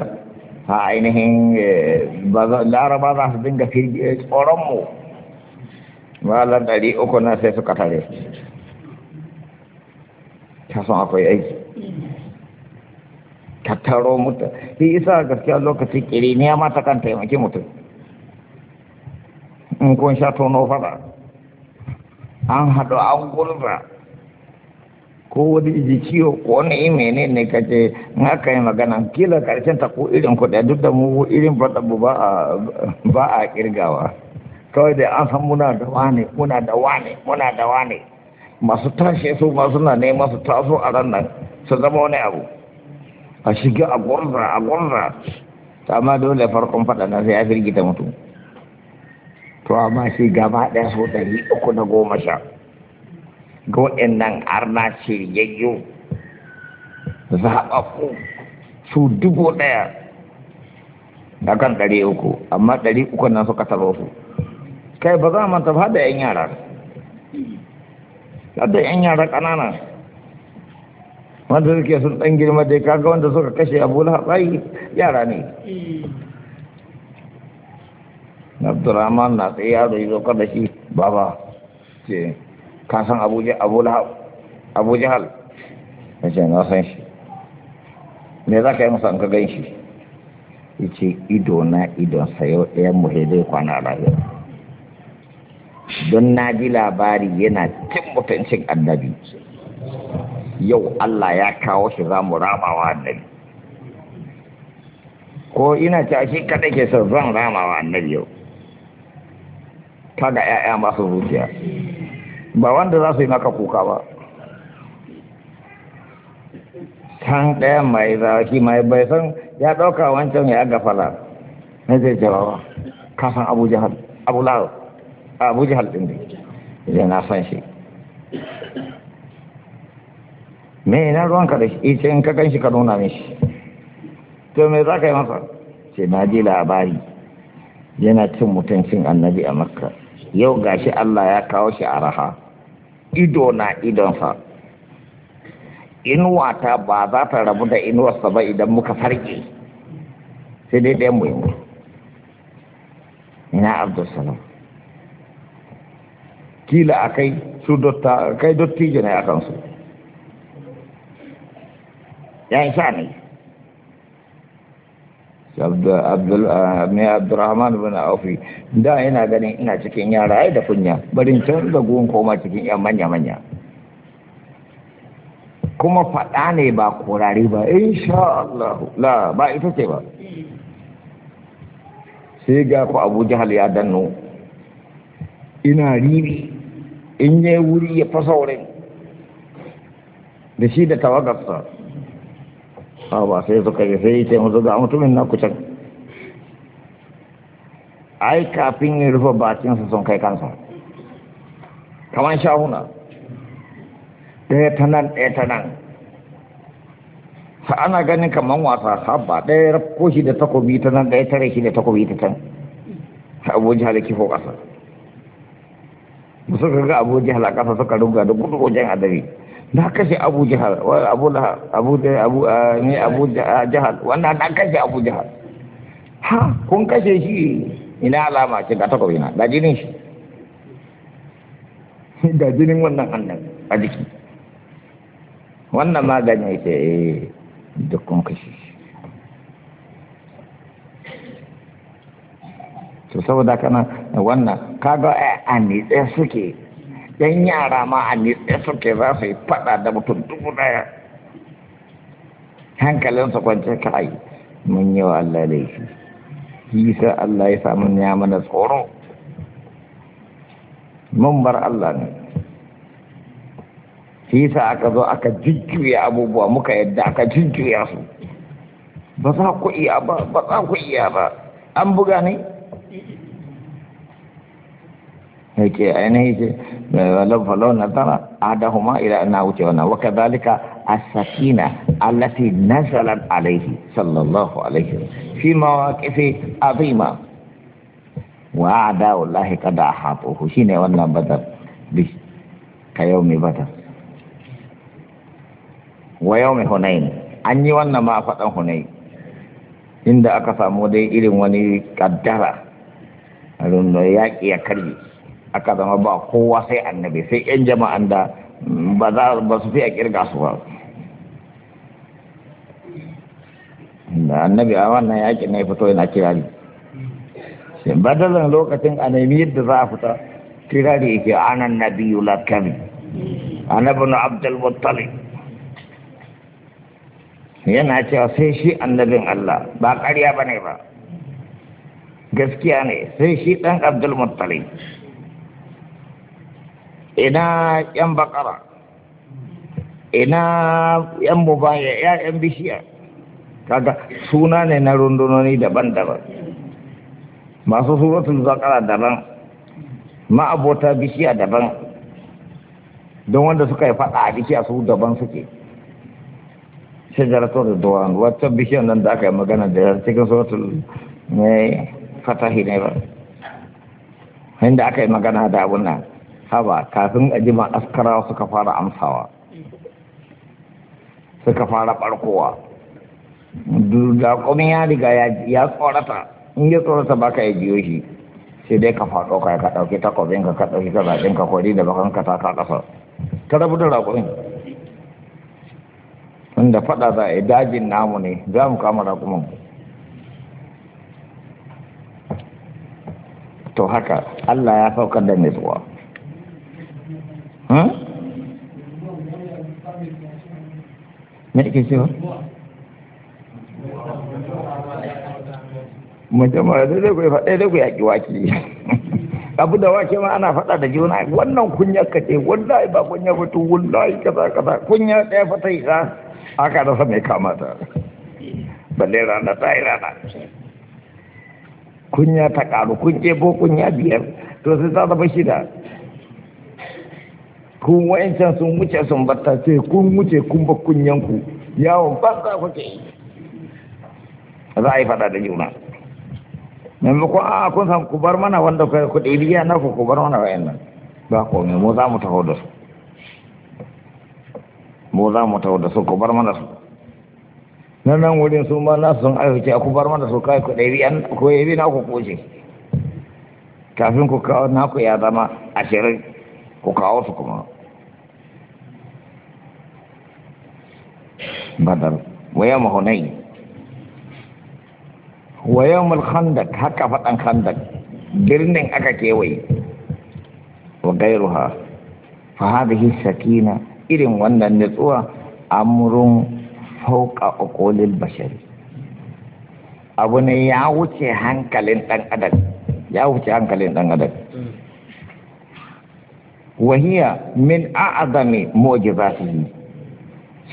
A: a ainihin eh, laraba za su dinga eh, tsoron mu malar ɗari uku na sai suka tare ta akwai aiki tattaro mutum shi isa gaskiya lokaci kiri ne ma mata kan taimaki mutum in kun sha tono fada an haɗu an gurza ko wani iji ciwo ko wani imene ne ka ce na ka yi magana kila karshen ta ko irin kuɗa duk da mu irin faɗaɓu ba a ƙirgawa kawai da an san muna da wane muna da wane muna da wane masu tashe su masu na ne masu taso a ran nan su zama wani abu a shiga a gwamza a gwamza amma dole farkon faɗa na sai ya firgita mutum to amma shi gaba ɗaya so ɗari uku na goma sha ga waɗannan arna ce yayyo zaɓaɓɓu su dubu ɗaya a kan ɗari uku amma ɗari uku nan suka taro su kai ba za a manta ba da 'yan yara da 'yan yara ƙanana wanda suke sun ɗan girma dai kaga wanda suka kashe abu lahabai yara ne abdurrahman na tsaye yaro yi zokar da shi baba ce ka san abu jihal ya ce na san shi me za ka yi masa an ka gan shi ya ce ido na idon sayo ɗayan muhidai kwana lahira don na ji labari yana cin mutuncin annabi yau Allah ya kawo shi za mu ramawa annabi ko ina ta shi kada ke son zan ramawa annabi yau kaga ƴaƴa masu zuciya ba wanda za su yi maka kuka ba kan ɗaya mai zafi mai bai san ya ɗauka wancan ya gafala na zai jawawa kasan abu jihar abu lawo abu jihar ɗin da na san shi me na ruwanka da shi ice in ka ganshi ka nuna mishi to me za ka yi masa ce na ji labari yana cin mutuncin annabi a makka yau gashi allah ya kawo shi a raha ido na idonsa inuwata ba za ta rabu da inuwarsa ba idan muka farge sai dai ɗaya mu mu ina abdulsalam kila a kai su dotta kai dotti ne a kansu ya yi sa ne abdurrahman bin aufi da yana ganin ina cikin yara ai da kunya barin can da guwan koma cikin yan manya-manya kuma faɗa ne ba kurare ba insha Allah la ba ita ce ba sai ga ku abu jihal ya danno ina riri in yi wuri ya fasa wurin da shi da tawagarsa a ba sai suka yi sai ce musu ga mutumin na kucin ai kafin ya rufe bakinsa sun kai kansa kamar shahuna ɗaya ta nan ɗaya ta nan sa ana ganin kamar wasa Haba ɗaya rafko shi da takobi ta nan ɗaya tare shi da takobi ta can ta abu jihar kifo ƙasa musu ga abu jihar ƙasa suka ruga da gudu wajen adari na kashe abu jihar abu abu da abu ne abu jihar wannan na kashe abu jihar ha kun kashe shi ina alama ce ga takobi na da jinin shi Da jinin wannan hannun a jiki wannan magani ya ce eh duk kun kashe shi to saboda kana wannan kaga eh, a nitse suke dan yara ma a nitse suke za su yi faɗa da mutum dubu ɗaya hankalinsa kwance kai mun yi wa Allah laifi sa Allah ya samu ya mana tsoro mun bar Allah ne shi sa aka zo aka jujjuya abubuwa muka yadda aka jujjuya su ba za ku iya ba ba za ku iya ba an buga ne yake ainihin ce lamfalo na tara adahuma ila na wuce wannan waka zalika as-sakina allati nazalat alaihi sallallahu alaihi fi mawaqifi azima wa ada wallahi kada hafuhu shine wannan badar bi ka yaumi badar wa yaumi hunain an yi wannan ma faɗan hunain inda aka samu dai irin wani kaddara a yaƙi ya karye aka zama ba kowa sai annabi sai yan jama'an da ba za ba su fi a kirga su ba da annabi a wannan yakin na ya fito yana kirari sai badalan lokacin a nemi yadda za a fita kirari yake anan nabiyu lakami annabin abdul muttalib yana cewa sai shi annabin Allah ba ƙarya ba ne ba gaskiya ne sai shi ɗan abdul ina yan bakara ina yan mubaya yan bishiya kaga suna ne na rundunoni daban-daban masu suratun zakara daban ma'abota bishiya daban don wanda suka yi faɗa a bishiya su daban suke da duwan wata bishiyar nan da aka yi magana da yar cikin suratun ne eh, fatahi ne ba inda aka yi magana da abun nan haba kafin a jima askara suka fara amsawa suka fara barkowa daƙomin ya riga ya tsorata in ya tsorata ba ka yi biyo shi sai dai ka faɗo ka ka ɗauki takobin ka ka ɗauki ka zaɓin ka kori da bakan ka taka ƙasa ka rabu da raƙomin wanda faɗa za a yi dajin namu ne za mu kama raƙumin to haka Allah ya saukar da nutsuwa. me ke cewa mace ma da zai kuwa faɗa da kuwa yaƙi eh, waki abu da wake ma ana faɗa da juna wannan kunya ka ce wallahi ba kunya ba to wallahi kaza kaza kunya ɗaya fa ta yi aka rasa mai kamata balle rana ta yi rana kunya ta ƙaru kun ɗebo kunya biyar to sai ta zama shida kun wa'ancan sun wuce sun batta ce kun wuce kun ba kunyanku yawon banza kuke yi za a yi fada da juna maimakon a kun san ku bar mana wanda kai ku ɗiriya na ku bar mana wa'in nan ba komai mu za mu taho da su mu za mu taho da su ku bar mana su na nan wurin su ma na sun aiki a ku bar mana su kai ku ɗiriya ko yi na ku kafin ku kawo naku ya zama ashirin ku kawo su kuma badar waya mahunai waya mulkhandak haka faɗan khandak birnin aka kewaye wa gairuha fa hadhihi sakina irin wannan nutsuwa amrun fauqa uqulil bashar abu ne ya wuce hankalin dan adam ya wuce hankalin dan adam hmm. وهي من أعظم معجزاته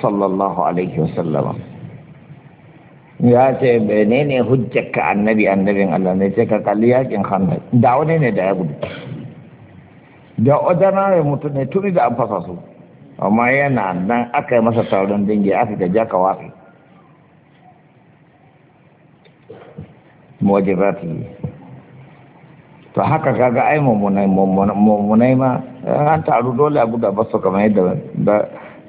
A: صلى الله عليه وسلم ya ce ne ne hujjarka annabi annabin Allah ne ce ka kalli yakin khandak da wani ne da ya gudu da ordinary mutum ne tuni da an fasa su amma yana nan aka yi masa taron dingi aka ga jaka wafi muwajibati to haka kaga ai mummunai mummunai ma an taru dole a gudu basu kamar yadda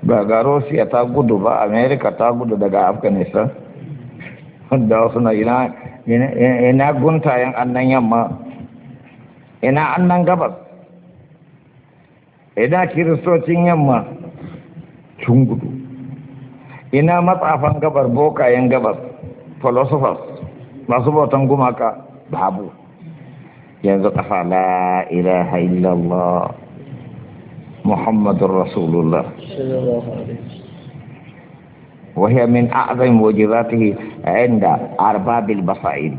A: ba ga rosiya ta gudu ba Amerika ta gudu daga afghanistan da wasu na ina guntayen annan yamma ina annan gabas ina kiristocin yamma sun gudu ina matsafan gabar bokayen gabas philosophers masu bautan gumaka babu yanzu ƙasa la ilaha illallah محمد رسول الله وهي من أعظم وجباته عند أرباب البصائر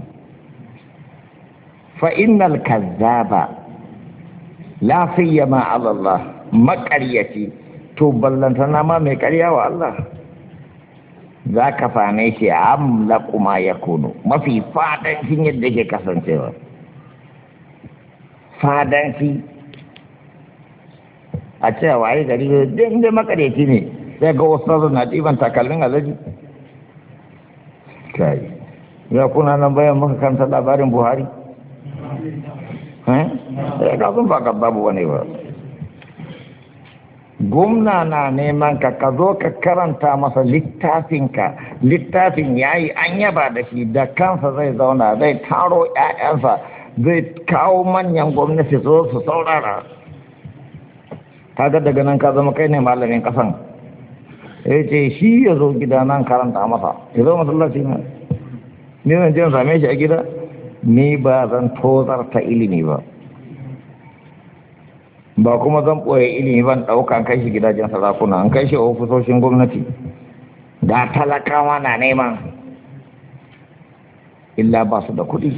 A: فإن الكذاب لا سيما على الله مكريتي تبلنتنا ما مكريا والله za ka fane shi amlaku ma ya kuno mafi fadancin yadda ke kasancewa fadanci a ce waye gari din inda makareti ne sai ga wasu na ɗiban takalmin alaji kai ya kuna nan bayan muka kanta labarin buhari eh ga eh, sun ba babu wani ba Gumna na neman ka ka zo ka karanta masa littafinka littafin ya yi an yaba da shi da kansa zai zauna zai taro 'ya'yansa zai kawo manyan gwamnati su su saurara kaga daga nan ka zama kai ne malamin kasan ya ce shi ya zo gida nan karanta masa ya zo masallaci na ni zan je same shi a gida ni ba zan tozar ta ilimi ba ba kuma zan ɓoye ilimi ban ɗaukan kai shi gidajen sarakuna an kai shi ofisoshin gwamnati da talakawa na neman illa ba su da kuɗi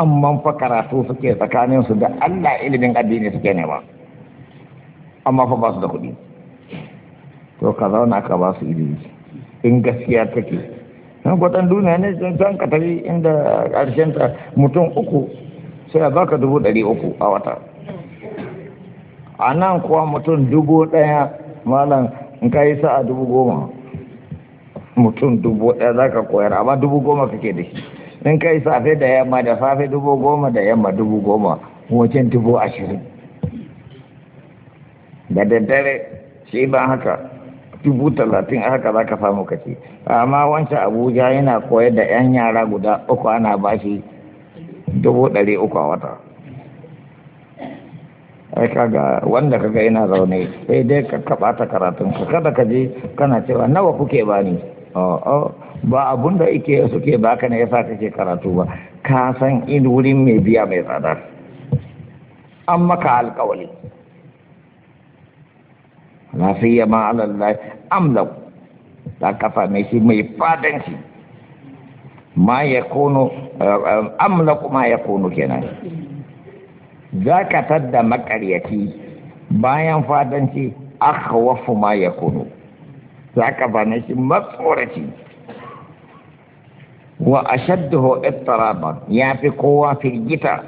A: amma fa karatu suke tsakaninsu da allah ilimin addini suke nema. amma fa ba su da kuɗi to ka zauna ka ba su ilimi in gaskiya take na gwadan duniya ne zan ka tafi inda ƙarshen ta mutum uku sai a baka dubu ɗari uku a wata a nan kuwa mutum dubu ɗaya malam in ka yi sa'a dubu goma mutum dubu ɗaya za ka koyar amma dubu goma kake da shi in ka yi safe da yamma da safe dubu goma da yamma dubu goma wajen dubu ashirin da daddare shi ba haka dubu talatin haka za ka samu ka ce amma wancan abuja yana koyar da 'yan yara guda uku ana bashi dubu ɗari uku a wata ai kaga wanda kaga yana zaune sai dai ka kaba ta karatun ka kada ka je kana cewa nawa kuke bani oh ba abun da ike suke baka ne yasa kake karatu ba ka san in wurin mai biya mai tsada an maka alkawali la siyama ala Allah amlau ta kafa mai shi mai fadan shi ma yakunu amlaku ma yakunu kenan zaka tadda makaryaci bayan fadanci akhwafu ma yakunu zaka bane shi matsoraci wa ashadduhu ittiraban ya fi kowa firgita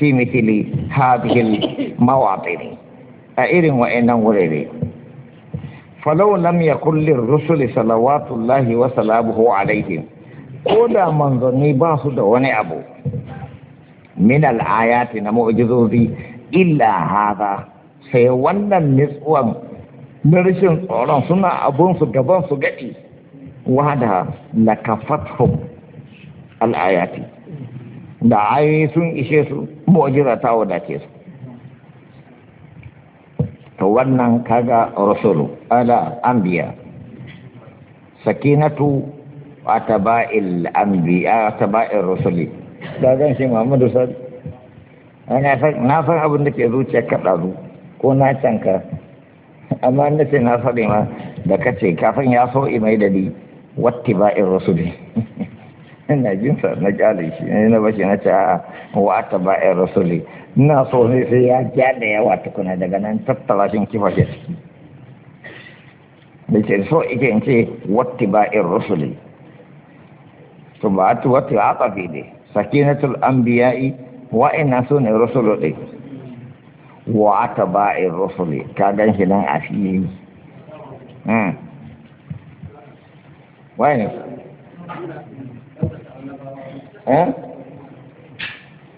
A: fi mithli hadhihi al-mawaqif a irin wa'annan wurare falau lam yakul rusuli salawatullahi wa salamuhu alaihim ko da manzanni ba su da wani abu min al'ayati na mu'jizozi illa hada sai wannan nitsuwan na rashin tsoron suna abun su gaban su gadi wada la kafathum al'ayati da ayoyi sun ishe su mu'jiza ta wadace su to wannan kaga rasulu ala anbiya sakinatu ataba'il anbiya ataba'ir rusuli da gan shi Muhammadu sai ana san na san abin da ke zuciya ka dazu ko na canka amma na ce na sabe ma da kace kafin ya so imai dadi wattiba'ir rusuli ina jinsa na kyale shi ne na bashi na ce a wata ba'in rasuli ina so ne sai ya kyale ya wata kuna daga nan tattala shi kifa shi ciki da ke so ike in ce wata ba'in rasuli to ba a tuwa tuwa a ƙafi ne sakinatul anbiya'i na so ne rasulu ɗai wata ba'in rasuli ka gan shi nan a fili hmm. wa'ina eh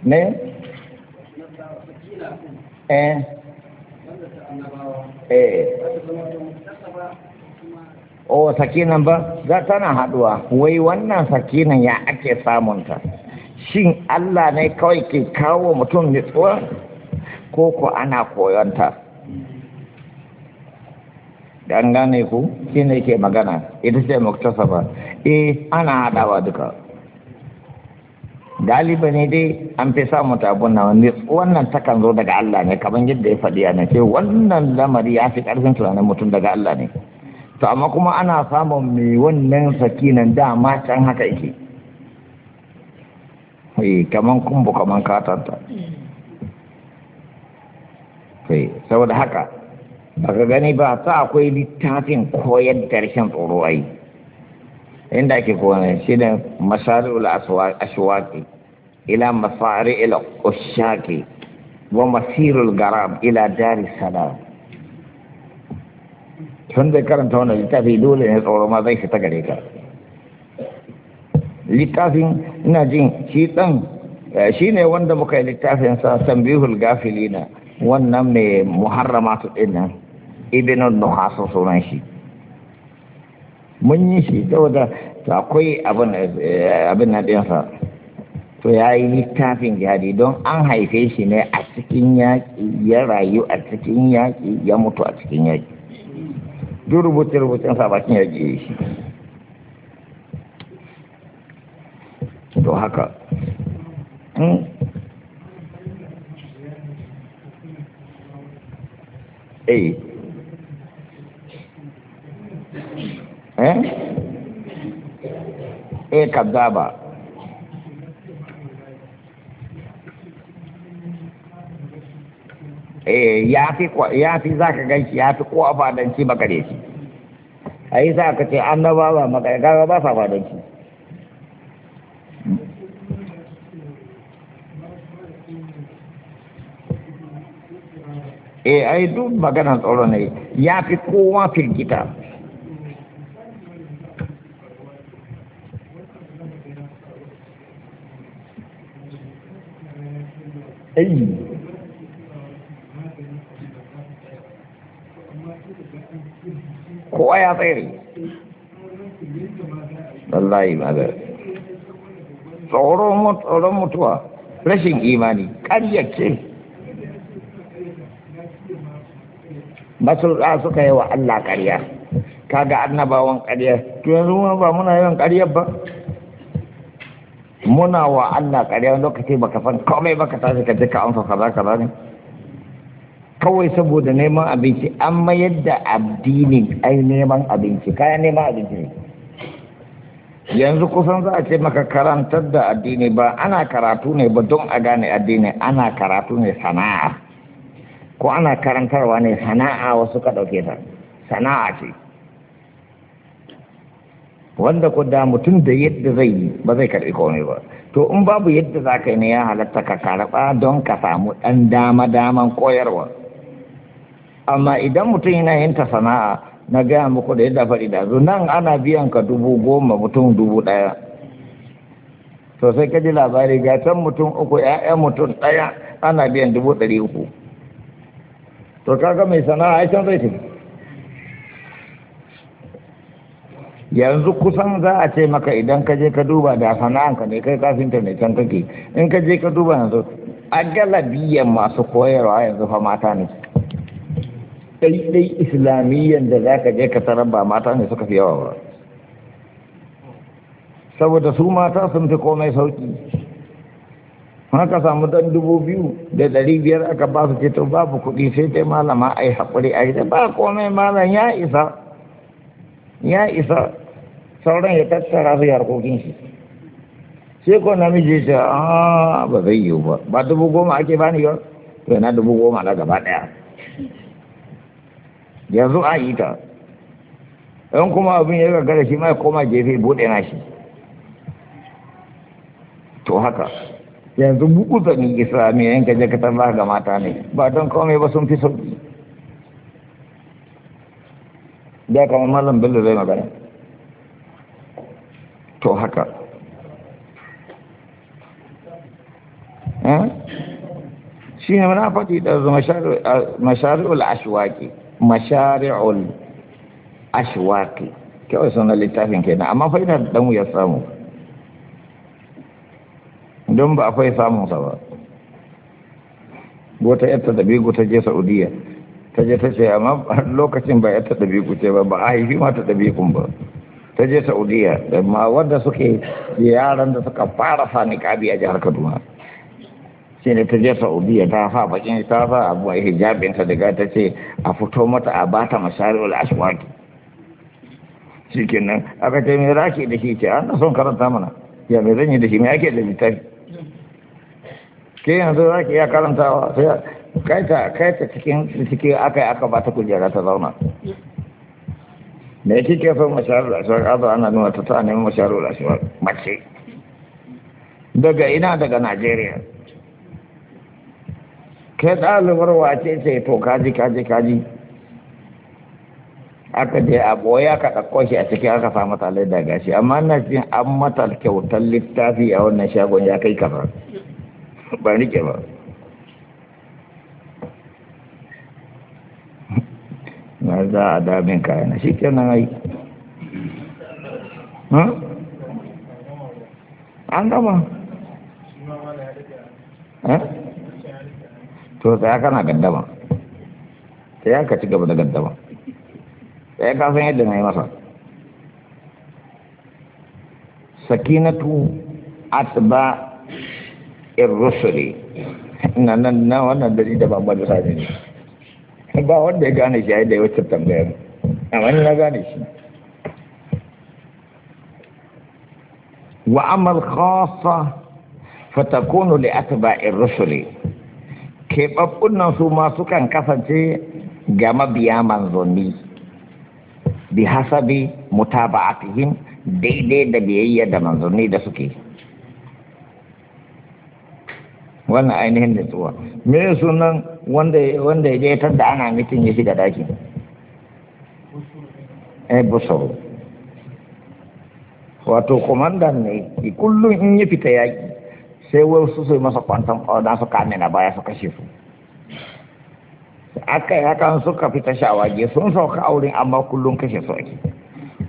A: ne eh eh o sakinan ba za tana haɗuwa? wai wannan sakinan ya ake samunta shin Allah ne kawai ke kawo mutum nutsuwa ko ko ana koyonta dan gane ku shine ke magana ita ce muktasaba eh ana hadawa duka galiba ne dai an fi samun tabon na wani wannan takan zo daga Allah ne kamar yadda ya faɗi ana ce wannan lamari ya fi ƙarfin tunanin mutum daga Allah ne to amma kuma ana samun mai wannan sakinan dama can haka yake eh, kaman kumbu kaman katanta eh, saboda haka ka gani ba ta akwai littafin koyar da rashin tsoro ai inda ake kowane shi ne masarul ashwaki ila masari ila ushaki wa masirul garam ila dari salam tun zai karanta wannan littafi dole ne tsoro ma zai fita gare ka littafin ina jin shi eh, shi ne wanda muka yi littafin sa tambihul gafilina wannan mai muharramatu ɗin nan ibn nuhasu sunan shi mun yi shi saboda akwai abin eh, na ɗinsa to ya yi littafin jihadi don an haife shi ne a cikin yaƙi ya rayu a cikin yaƙi ya mutu a cikin yaƙi duk rubuce-rubucen sa bakin yaƙi shi to haka hmm? eh eh eh kazzaba eh ya fi ya fi zaka ganshi ya fi kowa fadanci bakare shi ai sa ka ce annabawa makarga ba sa fadanci eh ai duk maganar tsoro ne ya fi kowa firgita ai kowa ya tsere wallahi tsoron mutuwa rashin imani ƙaryace masulɗa suka yi wa Allah ƙarya kaga annabawan ƙarya to yanzu ba muna yawan ƙaryar ba muna wa Allah ƙarya lokaci baka san komai baka tashi ka duka amsa kaza kaza ne kawai saboda neman abinci an mayar da addini ai neman abinci kayan neman abinci ne yanzu kusan za a ce maka karantar da addini ba ana karatu ne ba don a gane addini ana karatu ne sana'a ko ana karantarwa ne sana'a wasu ka ɗauke ta sana'a ce wanda ku da mutum da yadda zai yi ba zai karɓi komai ba to in babu yadda za ka yi ne ya halatta ka karɓa don ka samu ɗan dama daman koyarwa amma idan mutum yana yin ta sana'a na gaya muku da yadda faɗi da zo nan ana biyan ka dubu goma mutum dubu ɗaya to sai ka ji labari ga can mutum uku ya'ya mutum ɗaya ana biyan dubu ɗari uku to kaga mai sana'a ai can zai tafi yanzu kusan za a ce maka idan ka je ka duba da sana'anka ne kai kafinta ne can kake in ka je ka duba yanzu a galabiyan masu koyarwa yanzu fa mata ne ɗaiɗai islamiyyan da za ka je ka tarar ba mata ne suka fi yawa ba saboda su mata sun fi komai sauki haka samu dan dubu biyu da ɗari biyar aka ba su ceto babu kuɗi sai dai malama a yi haƙuri a gida ba komai malam ya isa ya isa sauran ya tattara su harkokin shi sai ko namiji ce a ba zai yi ba ba dubu goma ake bani yau to yana dubu goma na gaba daya yanzu a yi ta in kuma abin ya gagara shi mai koma gefe bude na shi to haka yanzu buku zanin islamiyya yanka jakatar ba ga mata ne ba don komai ba sun fi sauki da kamar malam bello zai magana to haka eh? shi ne muna faɗi da mashari'ul ashwaki mashari'ul ashwaki kawai suna littafin kenan amma fa ina da wuyar samu don ba a fai samunsa ba gota yadda da bigu ta je saudiya ta je ta ce amma lokacin ba yadda da bigu ce ba ba a haifi ma ta da bigun ba ta je saudiya da ma wadda suke yaran da suka fara sa niƙabi a jihar kaduna shi ne ta je saudiya ta fa bakin ta fa abu a ta daga ta ce a fito mata a bata mashariyar aswaki shi nan aka ce mai raki da shi ce an na son karanta mana ya mai zanyi da shi mai ake da littafi ke yanzu raki ya wa sai kai ta kai ta cikin cikin aka aka ta kujera ta zauna me yake kafin masharar asuwar ƙasa ana nuna ta ta neman masharar asuwar mace daga ina daga najeriya kai ɗalibar wace ce to kaji kaji kaji aka je a boya aka ɗauko shi a cikin aka samu talai da gashi amma na jin an mata kyautar littafi a wannan shagon ya kai kafa ba rike ba na za a damin kayan shi kenan ai an gama to tsaya kana gaddama tsaya ka ci gaba da gandama tsaya ka san yadda na yi masa sakinatu atba irrusuli na nan na wannan dari da babban da sajini ba wanda ya gane shi a yadda ya wacce tambayar amma ni na gane shi wa amal khassa fatakunu li atba'ir rusuli keɓaɓɓun nan su masu kan kasance ga mabiya manzoni bi hasabi mutaba'atihim daidai da biyayya da manzoni da suke wannan ainihin nutsuwa me sunan wanda wanda ya ta da ana mitin ya shiga daki eh busoro wato komandan ne kullum in ya fita yaki sai wai su masa kwantan kwada su kame na baya su kashe su aka yi hakan suka fita shawage sun sauka aure amma kullum kashe su ake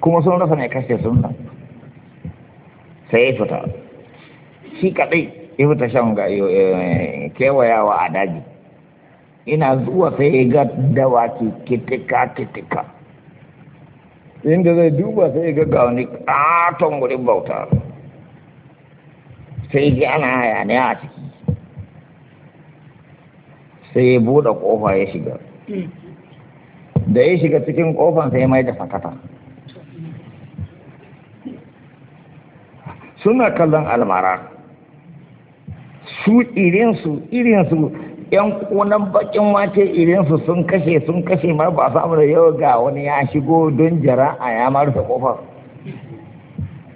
A: kuma sun rasa mai kashe sun sai ya fita shi kadai ihu ta shan eh, kewayawa a daji ina zuwa sai ga dawaki kitika kitika inda zai duba sai ga ga wani katon wurin bauta sai ji ana ne a ciki sai ya buɗe ƙofa ya shiga da ya shiga cikin ƙofan sai mai da fakata suna kallon almara su irinsu irinsu yan kunan bakin wace irinsu sun kashe sun kashe mar ba samu da yau ga wani ya shigo don jara a ya ma kofar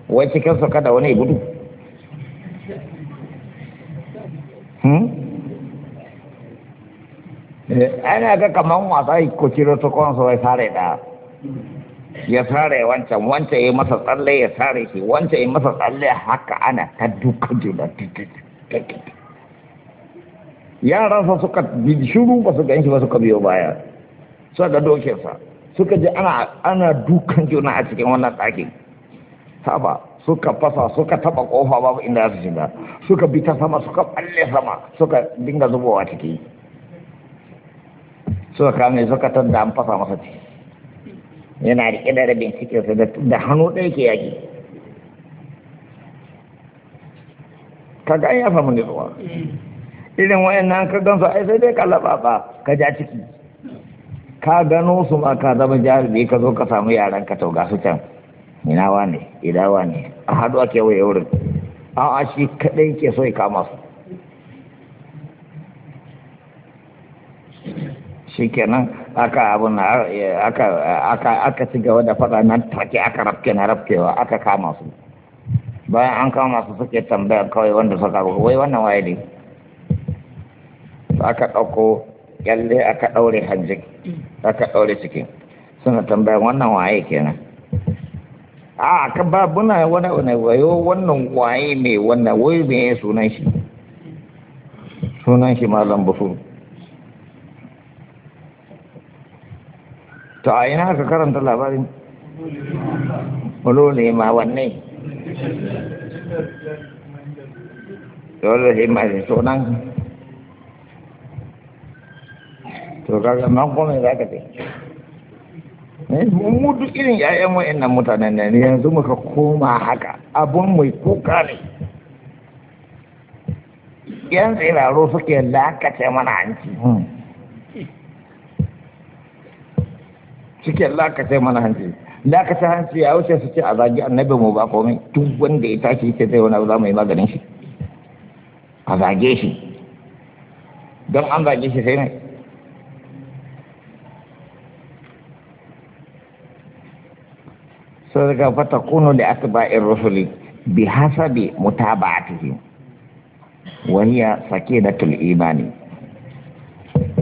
A: wai cikin kada wani gudu hmm? eh, ana ga kamar wasa ko ciro kwanso ya sare da ya sare wancan wancan ya masa tsalle ya sare shi wancan ya masa tsalle haka ana ta duka juna yaransa suka shiru ba su ganshi ba suka biyo baya suka ga sa suka ji ana ana dukan juna a cikin wannan ɗakin haba suka fasa suka taba kofa babu inda su shiga suka bi ta sama suka balle sama suka dinga zubowa ciki suka kame suka tanda an fasa masa ciki yana riƙe da rabin sa da hannu ɗaya ke yaki, kaga an ya samu nutsuwa mm. irin wayannan ka su ai sai dai ka ba ka ja ciki ka gano su ma ka zama jarumi ka zo ka samu yaran ka tauga su can ina wane ina wane a haɗu ake waye wurin a a shi kaɗai ke so ya kama su shi kenan aka na aka aka aka ci gaba da faɗa nan take aka rafke na rafkewa aka kama su bayan an kama su suke tambayar kawai wanda suka wai wannan waye ne aka ɗauko kyalle aka ɗaure hajji aka ɗaure cikin suna tambaya wannan waye kenan a ka ba buna wani wani wayo wannan waye ne wannan wayo me ya sunan shi sunan shi malam bufu to a ina aka karanta labarin ulule ma wanne dole sai mai sunan to kaga nan kuma za ka ce eh, mu duk irin ƴaƴan wa'annan mutanen ne yanzu muka koma haka abun mai kuka ne yan tsiraro suke lakace mana hanci hmm. suke lakace mana hanci lakace hanci ya wuce su ce a zagi annabi mu ba komai duk wanda ya tashi yake zai wani za mu yi maganin shi a zage shi don an zage shi sai ne سرقة فتكون لأتباع الرسل بحسب متابعتهم وهي سكينة الإيمان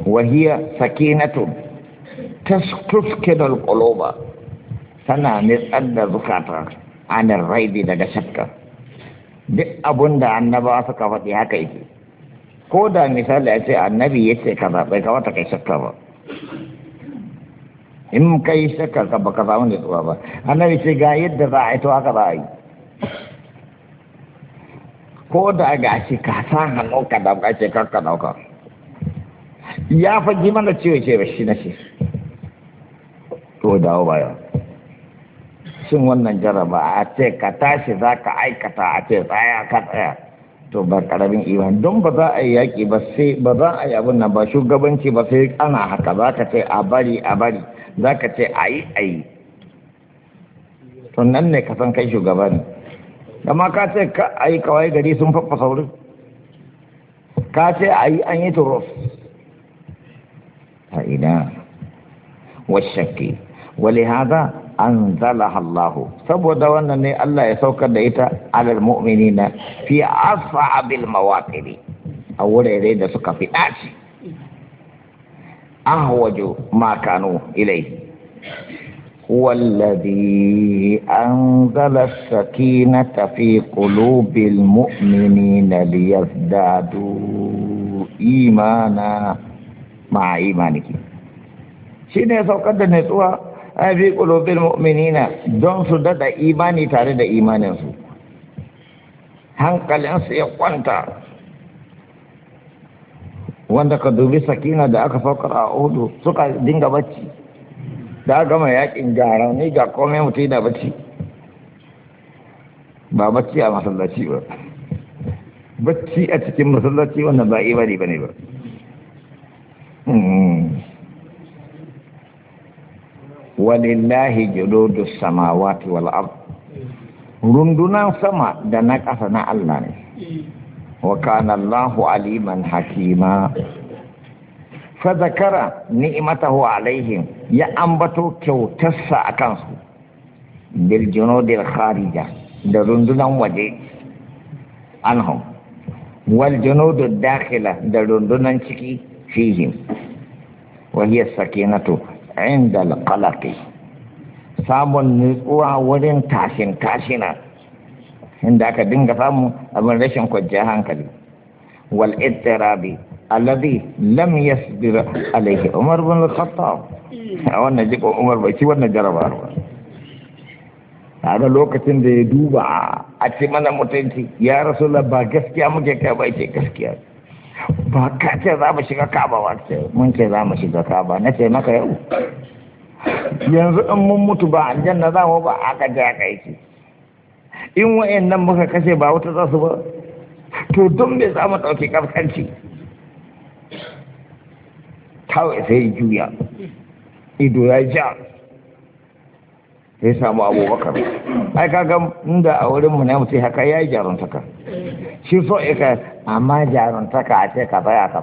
A: وهي سكينة تسكف كده القلوب سنة نسأل الزكاة عن الريد لدى شك دي أبن دا عن نبا فكفتها كيف كودا مثال يتي النبي يتي كذا بيكواتك يشكبه in kai shakar ka baka samu da tsuwa ba annabi ce ga yadda za a yi to haka za a yi ko da ga shi ka sa hannu ka dauka ce kar ka dauka ya faji mana ciwo ce ba shi na shi to dawo baya shin wannan jaraba a ce ka tashi za ka aikata a ce tsaya ka tsaya to ba karamin iman don ba za a yi yaƙi ba sai ba za a yi abin nan ba shugabanci ba sai ana haka za ka ce a bari a bari za ka ce a yi a yi to nan ne ka san kai shugaba ne dama ka ce ka a yi kawai gari sun faffa saurin ka ce a yi an yi turuf a ina washaki wali hada an zalaha Allah saboda wannan ne Allah ya saukar da ita alal mu'minina fi asfa'abil mawaqiri a wurare da suka fi dace an hawaju makanu ilai wallazi an zala na tafi kulubin mu'mini na liyar dadu shi ne saukar da nutsuwa a fi kulubin muminina don su dada imani tare da imaninsu hankalinsu ya kwanta wanda ka dubi sakina da aka saukar a hudu suka dinga bacci da gama yakin ga rauni ga komai mutu da bacci ba bacci a masallaci ba bacci a cikin masallaci wanda ba yi ba ne hmm. ba walillahi jududus samawati wal ard rundunan sama da na ƙasa na Allah ne وكان الله عليما حكيما فذكر نعمته عليهم يا أنبتو كوتسا أكنسو بالجنود الخارجة درندنا وجه عنهم والجنود الداخلة درندنا شكي فيهم وهي السكينة عند القلق samun nutsuwa wurin tashin tashina inda aka dinga samu abin rashin kwanciyar hankali wal ittirabi alladhi lam yasbir alayhi umar bin al-khattab a wannan jiko umar bai ci wannan jaraba ba ga lokacin da ya duba a ce mana mutunci ya rasula ba gaskiya muke kai ba ce gaskiya ba ka ce za mu shiga kaba ba ce mun ce za mu shiga kaba na ce maka yau yanzu in mun mutu ba aljanna za mu ba aka je aka yi in nan muka kashe ba wata za su ba to don bai za mu ɗauki ƙarfanci kawai sai juya ido ya ja sai samu abubakar ai kaga inda a wurin mu ne mutai haka ya yi jaruntaka shi so ika amma jaruntaka a ce ka tsaya ka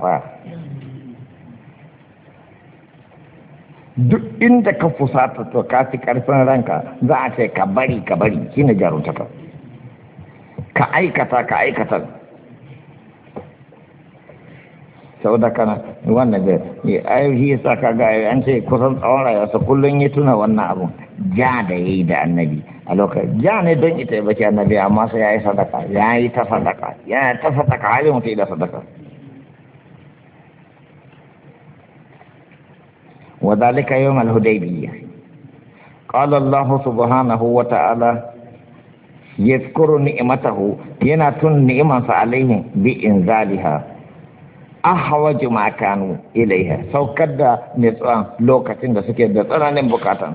A: duk inda ka fusata to ka fi karfin ranka za a ce ka bari ka bari shine jarumta ka aikata ka aikata sau da kana wannan da ayyuki ya sa kaga an ce kusan tsawon su kullum ya tuna wannan abun ja da ya yi da annabi a lokacin ja ne don ita ya baki annabi amma sai ya yi sadaka ya yi ta sadaka ya ta sadaka har yi da sadaka وذلك يوم الهديبية قال الله سبحانه وتعالى يذكر نعمته ينتن نعمة عليهم بإنزالها أحوج ما كانوا إليها سو كدا نتوان لوكتين دا سكي دا تنانين بكاتان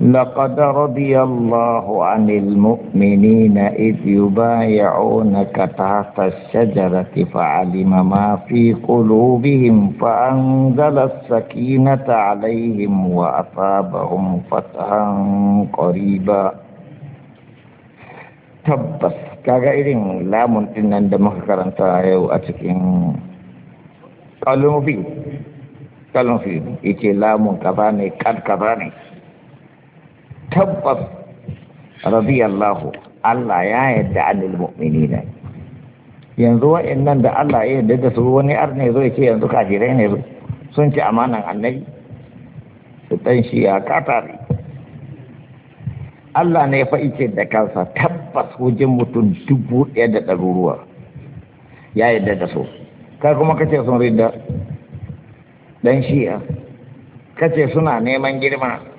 A: لقد رضي الله عن المؤمنين إذ يبايعونك تحت الشجرة فعلم ما في قلوبهم فأنزل السكينة عليهم وأصابهم فتحا قريبا تبس كاغا إذن لا din nan da muka karanta yau a cikin kalmofi kalmofi yake lamun kaza ne kad tabbas radiyallahu Allah ya yadda anil mu'minina yanzu wa'annan da Allah ya yadda da su wani arne zo yake yanzu kafirai ne sun ci amanan annabi su dan shi ya katare Allah ne fa ice da kansa tabbas wajen mutum dubu ɗaya da ɗaruruwa ya yadda da su kai kuma kace sun ridda dan shi'a kace suna neman girma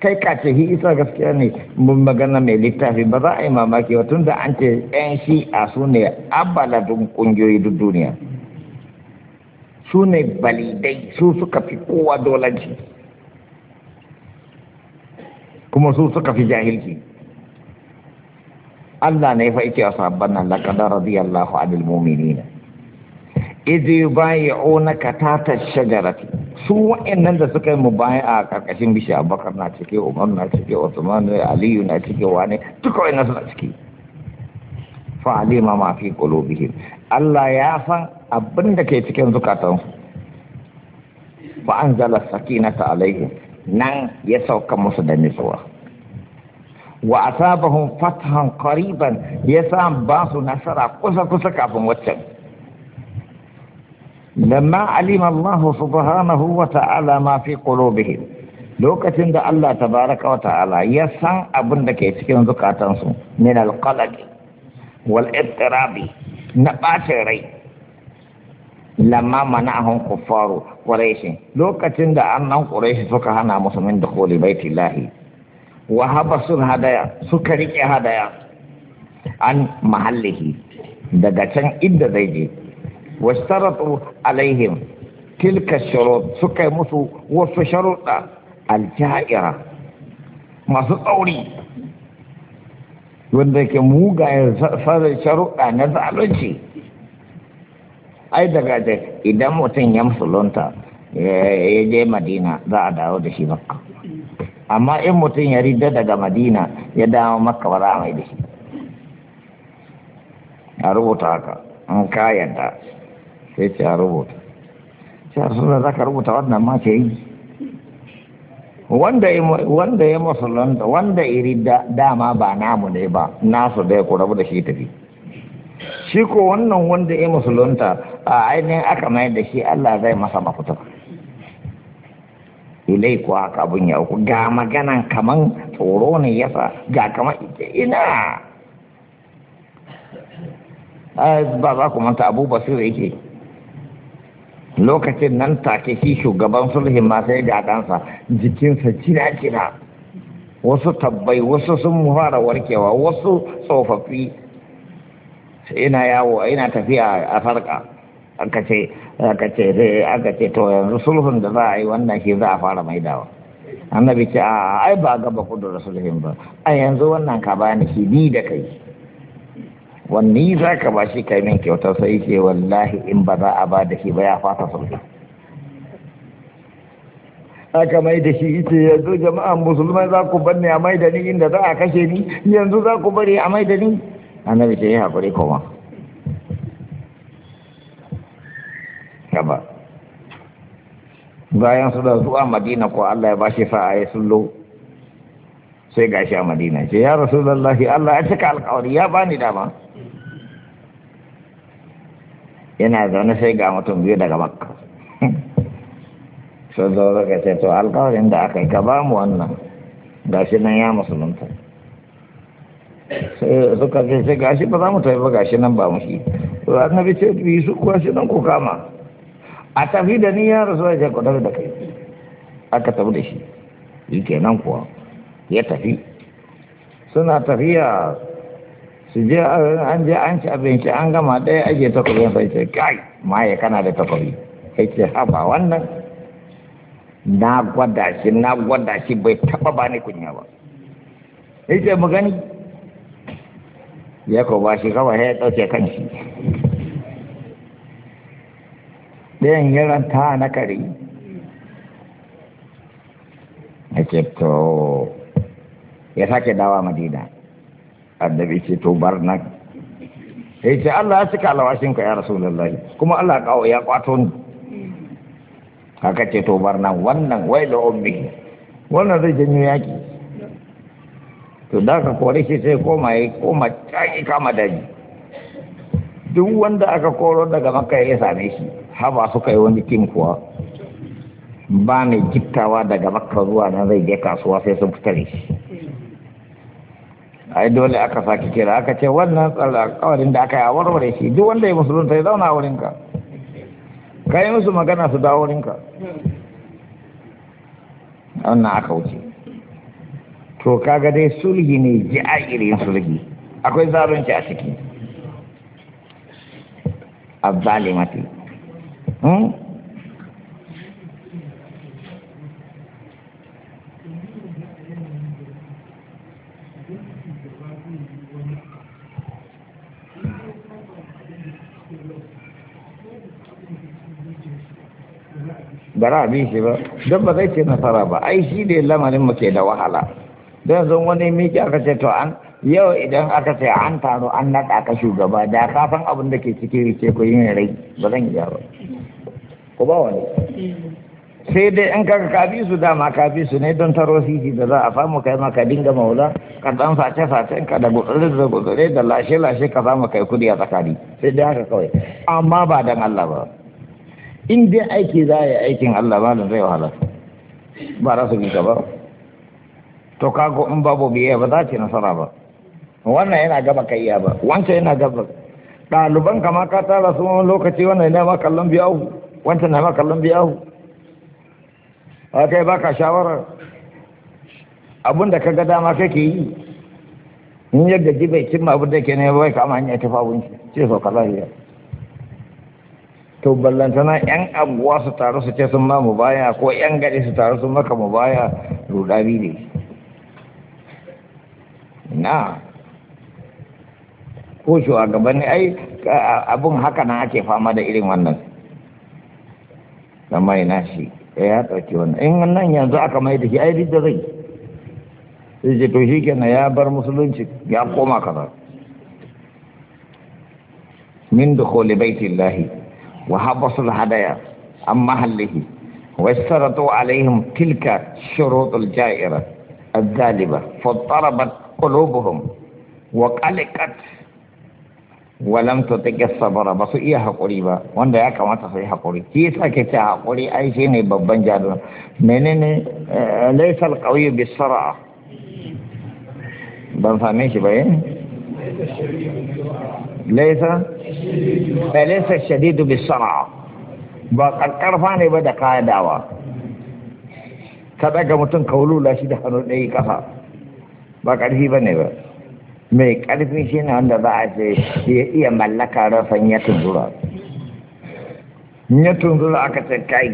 A: kai ka ce isa gaskiya ne mun magana mai littafi ba za a yi mamaki ba tun da an ce yan shi'a su ne abaladun ƙungiyoyi duk duniya su ne balidai su suka fi kowa dolanci kuma su suka fi jahilci Allah ne fa yake asabban nan laqad radiyallahu anil mu'minina idh yubayyi'unaka tata shajarati su wa'annan da suka yi mu baya a karkashin bishiya bakar na cike umar na cike usman aliyu na cike Wani duka wa'annan suna ciki fa alima ma fi Allah ya san abin da ke cikin zukatansu fa anzala sakinata alaihi nan ya sauka musu da nutsuwa wa asabahum fathan kariban ya sa ba su nasara kusa kusa kafin waccan lamma alima Allah subhanahu wa ta'ala ma fi qulubihim lokacin da Allah tabaraka wa ta'ala ya san abin da ke cikin zukatansu min alqalaq wal ittirabi na bacin rai lamma mana'ahum kuffaru quraish lokacin da annan quraish suka hana musulmin da koli baitillahi Wahaba sun hadaya suka rike hadaya an mahallihi daga can inda zai je واشترطوا عليهم تلك الشروط سكي مسو وف شروط الجائرة ما سطوري وندك موغا سر شروط نزالوشي أيضا قال إذا موتين يمسلون تا يجي مدينة دا داو دشي مكة أما إن موتين يريد دا دا مدينة يداو مكة وراء ميدشي أروبو مكايا تاكا sai ce a rubuta sai a suna za ka rubuta wannan ma ke yi wanda ya musulunta wanda iri dama ba namu ne ba nasu da ya kurabu da shi tafi shi ko wannan wanda ya musulunta a ainihin aka mai da shi Allah zai masa mafuta ilai ko haka abin ya uku ga maganan kaman tsoro ne yasa ga kaman ina ba za ku manta abu basir yake lokacin nan take shi shugaban sulhin ma sai ga ɗansa jikinsa cina-cina wasu tabbai wasu sun fara warkewa wasu tsofaffi ina yawo ina tafiya a farka aka ce aka ce to yanzu sulhun da za a yi wannan shi za a fara maidawa annabi ce a ai ba gaba kudu da sulhin ba a yanzu wannan ka bani shi ni da kai wanni za ka ba shi kai min kyauta sai ce wallahi in ba za a ba da shi ba ya fata sulhu aka mai da shi ita yanzu jama'a musulmai za ku bar ni a mai da ni inda za a kashe ni yanzu za ku bari a mai da ni annabi ce ya haƙuri koma gaba bayan su da zuwa madina ko Allah ya ba shi sa'a ya sullo sai gashi a madina ce ya rasulullahi Allah ya cika alƙawari ya bani dama yana zaune sai ga mutum biyu daga makka So zo ka ce to alkawarin da aka yi ka ba mu wannan ga shi nan ya musulunta sai suka ce sai shi ba za mu tafi ba ga shi nan ba mushi to annabi ce bi su kuwa shi nan ku kama a tafi da ni ya rasu ya ku kwadar da kai aka tafi da shi yi kenan kuwa ya tafi suna tafiya su je an je an ci abinci an gama ɗaya ake takobin sai ce kai maye kana da takobi sai ce haba wannan na gwada shi na gwada shi bai taba ba ni kunya ba sai ce mu gani ya ko ba shi kawai ya ɗauke kan shi ɗayan yaran ta na kare ake to ya sake dawa madina annabi ce to bar nan sai ce Allah ya cika alawashin ka ya rasulullahi kuma Allah kawo ya kwato ni haka ce to bar nan wannan wai la ummi wannan zai janyo yaki to da ka kore shi sai koma ya koma taki kama daji duk wanda aka koro daga makka ya same shi haba su kai wani kin kuwa ba mai gittawa daga makka zuwa nan zai je kasuwa sai sun fitar shi ai dole aka saki kira aka ce wannan alƙawarin da aka yi a warware shi duk wanda ya ta ya zauna a wurinka ka yi musu magana su dawo wurinka wannan aka wuce to kaga dai sulhi ne ji a irin sulhi akwai zalunci a ciki a zalimati hmm? bara abin shi ba don ba zai ce nasara ba ai shi ne lamarin mu da wahala don zan wani miki aka ce to an yau idan aka ce an taro an naɗa ka shugaba da kafan abin da ke cikin rike ko yin rai ba zan iya ba ko ba wani sai dai in ka ka bi su dama ka bi su ne don taro sisi da za a fama kai ma ka dinga maula ka dan face face ka da gudure da gudure da lashe lashe ka fama kai kudi a tsakani sai dai haka kawai amma ba dan Allah ba in dai aiki za a yi aikin Allah malam zai wahala ba su bi ba to kago in babu biye ba za ce nasara ba wannan yana gaba kayya ba wancan yana gaba ɗaliban kama ka tara su wani lokaci wannan yana ma kallon hu wancan na ma kallon hu a kai baka shawarar abin da ka ga dama kake yi in yadda ji bai cimma abin da ke ne bai kama hanyar tafi abinci ce so kaza to ballantana yan abuwa su taru su ce sun ma mu baya ko yan gari su taru sun maka mu baya rudani ne na ko ne ai abun haka na ake fama da irin wannan na mai nashi eh, ya ɗauki wannan in wannan yanzu aka mai da shi ai duk da zai sai ce to shi kenan ya bar musulunci ya koma kaza min dukhuli baitillahi وحبسوا الهدايا عن محله واشترطوا عليهم تلك الشروط الجائرة الذالبة فاضطربت قلوبهم وقلقت ولم تطق الصبر بس إيه حقوري با وانده يا كما تصيح حقوري كيسا كيسا حقوري أي شيء ببن جادون منين آه، ليس القوي بالسرعة بنفهميش بقى laisa
B: laisa shadidu
A: bisara ba karkarfa ne ba da kaya dawa ka daga mutum ka wulula shi da hannu ɗaya kafa ba karfi ba ne ba mai karfi shi ne wanda za a ce ya iya mallaka rafan ya tunzura ya tunzura aka ce kai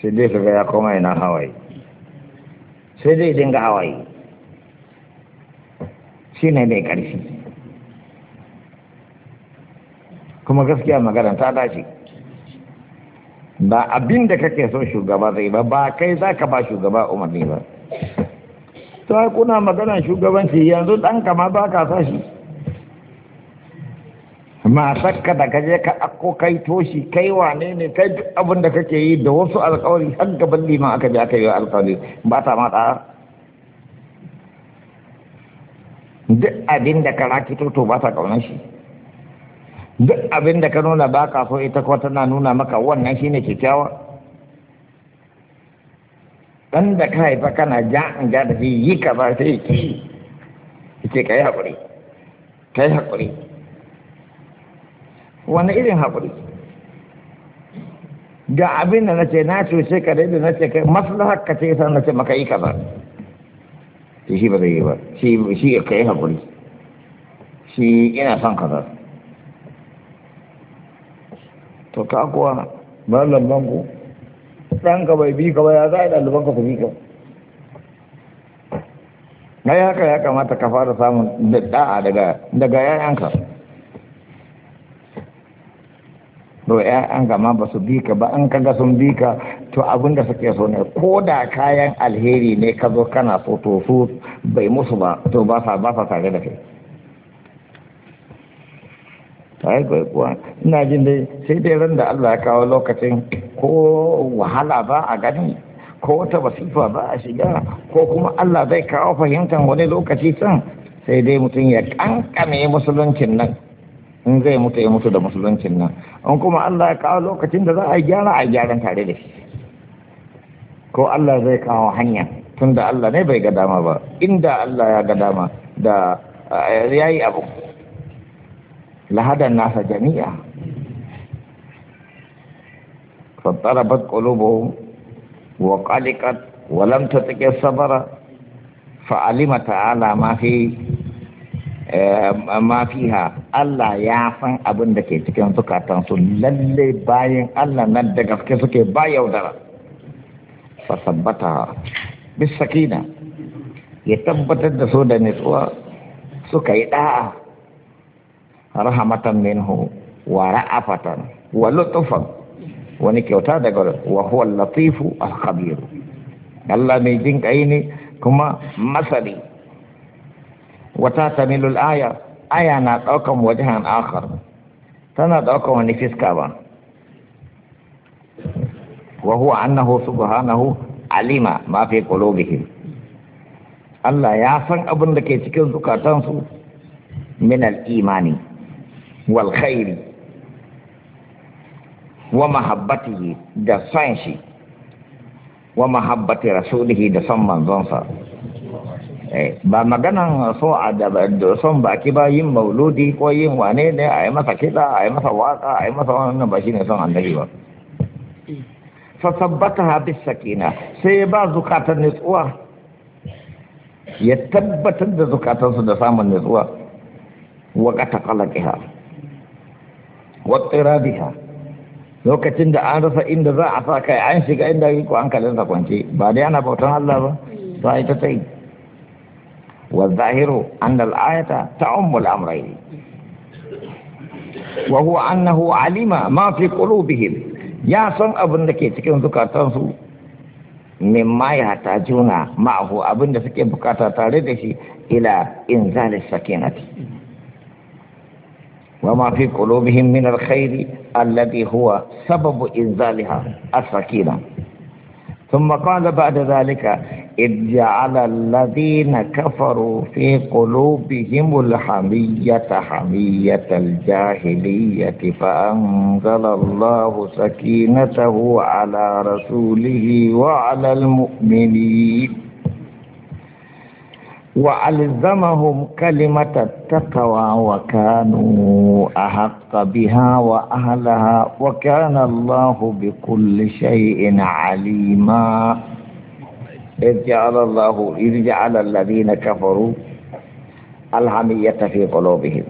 A: sai dai ka ya koma yana hawaye sai dai dinga hawaye shi ne mai ƙarfi kuma gaskiya magana ta dace ba abin da kake so shugaba zai ba ba kai za ka ba shugaba umarni ba ta kuna magana shugabanci yanzu ɗan kama ba ka sa shi masakka da kaje ka akko kai toshi kai wane ne kai abin da kake yi da wasu alkawari har gaban liman aka bi aka yi alkawari ba ta mata duk abin da ka raki to ba ta kaunar shi duk abin da ka nuna ba ka so ita kuwa tana nuna maka wannan shine kyakkyawa dan da ka haifa kana ja an ja da shi yi ka ba sai ki ce ka yi haƙuri ka yi haƙuri wani irin haƙuri ga abin da na ce na ce ka da na ce kai maslahar ka ce yasa na ce maka yi ka ba to shi ba zai yi ba shi shi ka yi haƙuri shi ina son kaza to ka kuwa malam bango ɗanka bai bi ka ba ya za a yi ka su bi ka na haka ya kamata ka fara samun da'a daga daga yayanka to yayanka ma ba su bi ka ba an kaga sun bi ka to abin da suke so ne ko da kayan alheri ne ka zo kana so to su bai musu ba to ba sa ba sa tare da kai ai bai kuwa ina jin dai sai dai ran da Allah ya kawo lokacin ko wahala ba a gani ko wata wasifa ba a shiga ko kuma Allah zai kawo fahimtar wani lokaci can sai dai mutum ya kankame musuluncin nan in zai mutu ya mutu da musuluncin nan in kuma Allah ya kawo lokacin da za a gyara a gyaran tare da shi ko Allah zai kawo hanya tunda Allah ne bai ga dama ba inda Allah ya ga dama da eh, ya yi abu lahadan nasa jami'a bat kolobo wa kalikat walam ta take sabara ta'ala mafi fi eh, Allah ya san abin da ke cikin zukatan su lalle bayan Allah nan da gaske suke ba yaudara fasabbata bisakina ya tabbatar da su da nutsuwa suka yi da'a rahamatan minhu wa ra'afatan wa lutufan wani kyauta daga wa huwa latifu al-khabir Allah mai jin kai kuma masari wata tamilul aya aya na daukan wajen akhar tana ɗaukar wani fiska ba wa huwa annahu subhanahu alima ma fi qulubihim Allah ya san abin da ke cikin zukatansu min al-imani wal khairi wa mahabbatihi da san shi wa mahabbati rasulihi da son manzonsa eh, ba maganan so a da son baki ba yin mauludi ko yin wane ne a yi masa kiɗa a yi masa waka a yi masa wannan ba shi ne son annabi ba فثبتها بالسكينة سيبا زكاة النسوة يتبت زكاة صدسام النسوة وقت قلقها واضطرابها لوكت عند عرف عند ذا عصاك عين شك عند يكو عنك لن تقوانشي بعد أنا بوتان الله رأيت تي والظاهر أن الآية تعم الأمرين وهو أنه علم ما في قلوبهم ya san abin da ke cikin zukatansu min ma ya hata juna ma'ahu abin da suke bukata tare da shi ila in zali sakinati wa ma fi qulubihim min alkhairi alladhi huwa sababu inzaliha as-sakina ثم قال بعد ذلك إذ جعل الذين كفروا في قلوبهم الحمية حمية الجاهلية فأنزل الله سكينته على رسوله وعلى المؤمنين وألزمهم كلمة التقوى وكانوا أحق بها وأهلها وكان الله بكل شيء عليما إذ الله إذ الذين كفروا الحمية في قلوبهم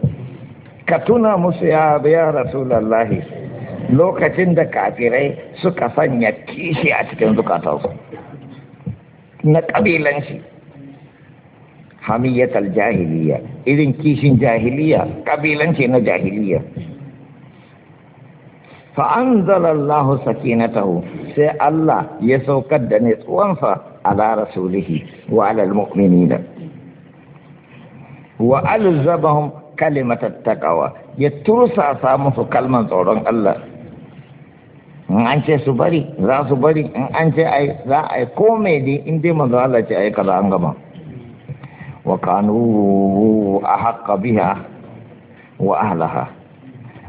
A: كتنا مسياب يا رسول الله لو كتن دكاتري سكسن يكيشي أتكن دكاتوس نقبيلا شي حمية الجاهلية إذن كيشين جاهلية قبيلنشي نجاهلية فأنزل الله سكينته سي الله يسوكد نسوانفا على رسوله وعلى المؤمنين وألزمهم كلمة التقوى يترسى سامس كلمة زوران الله in an ce su bari za su bari in an ce ai za a yi kome dai in dai manzo Allah ce ai kaza an gama wa kanu a haƙa biya wa ahlaha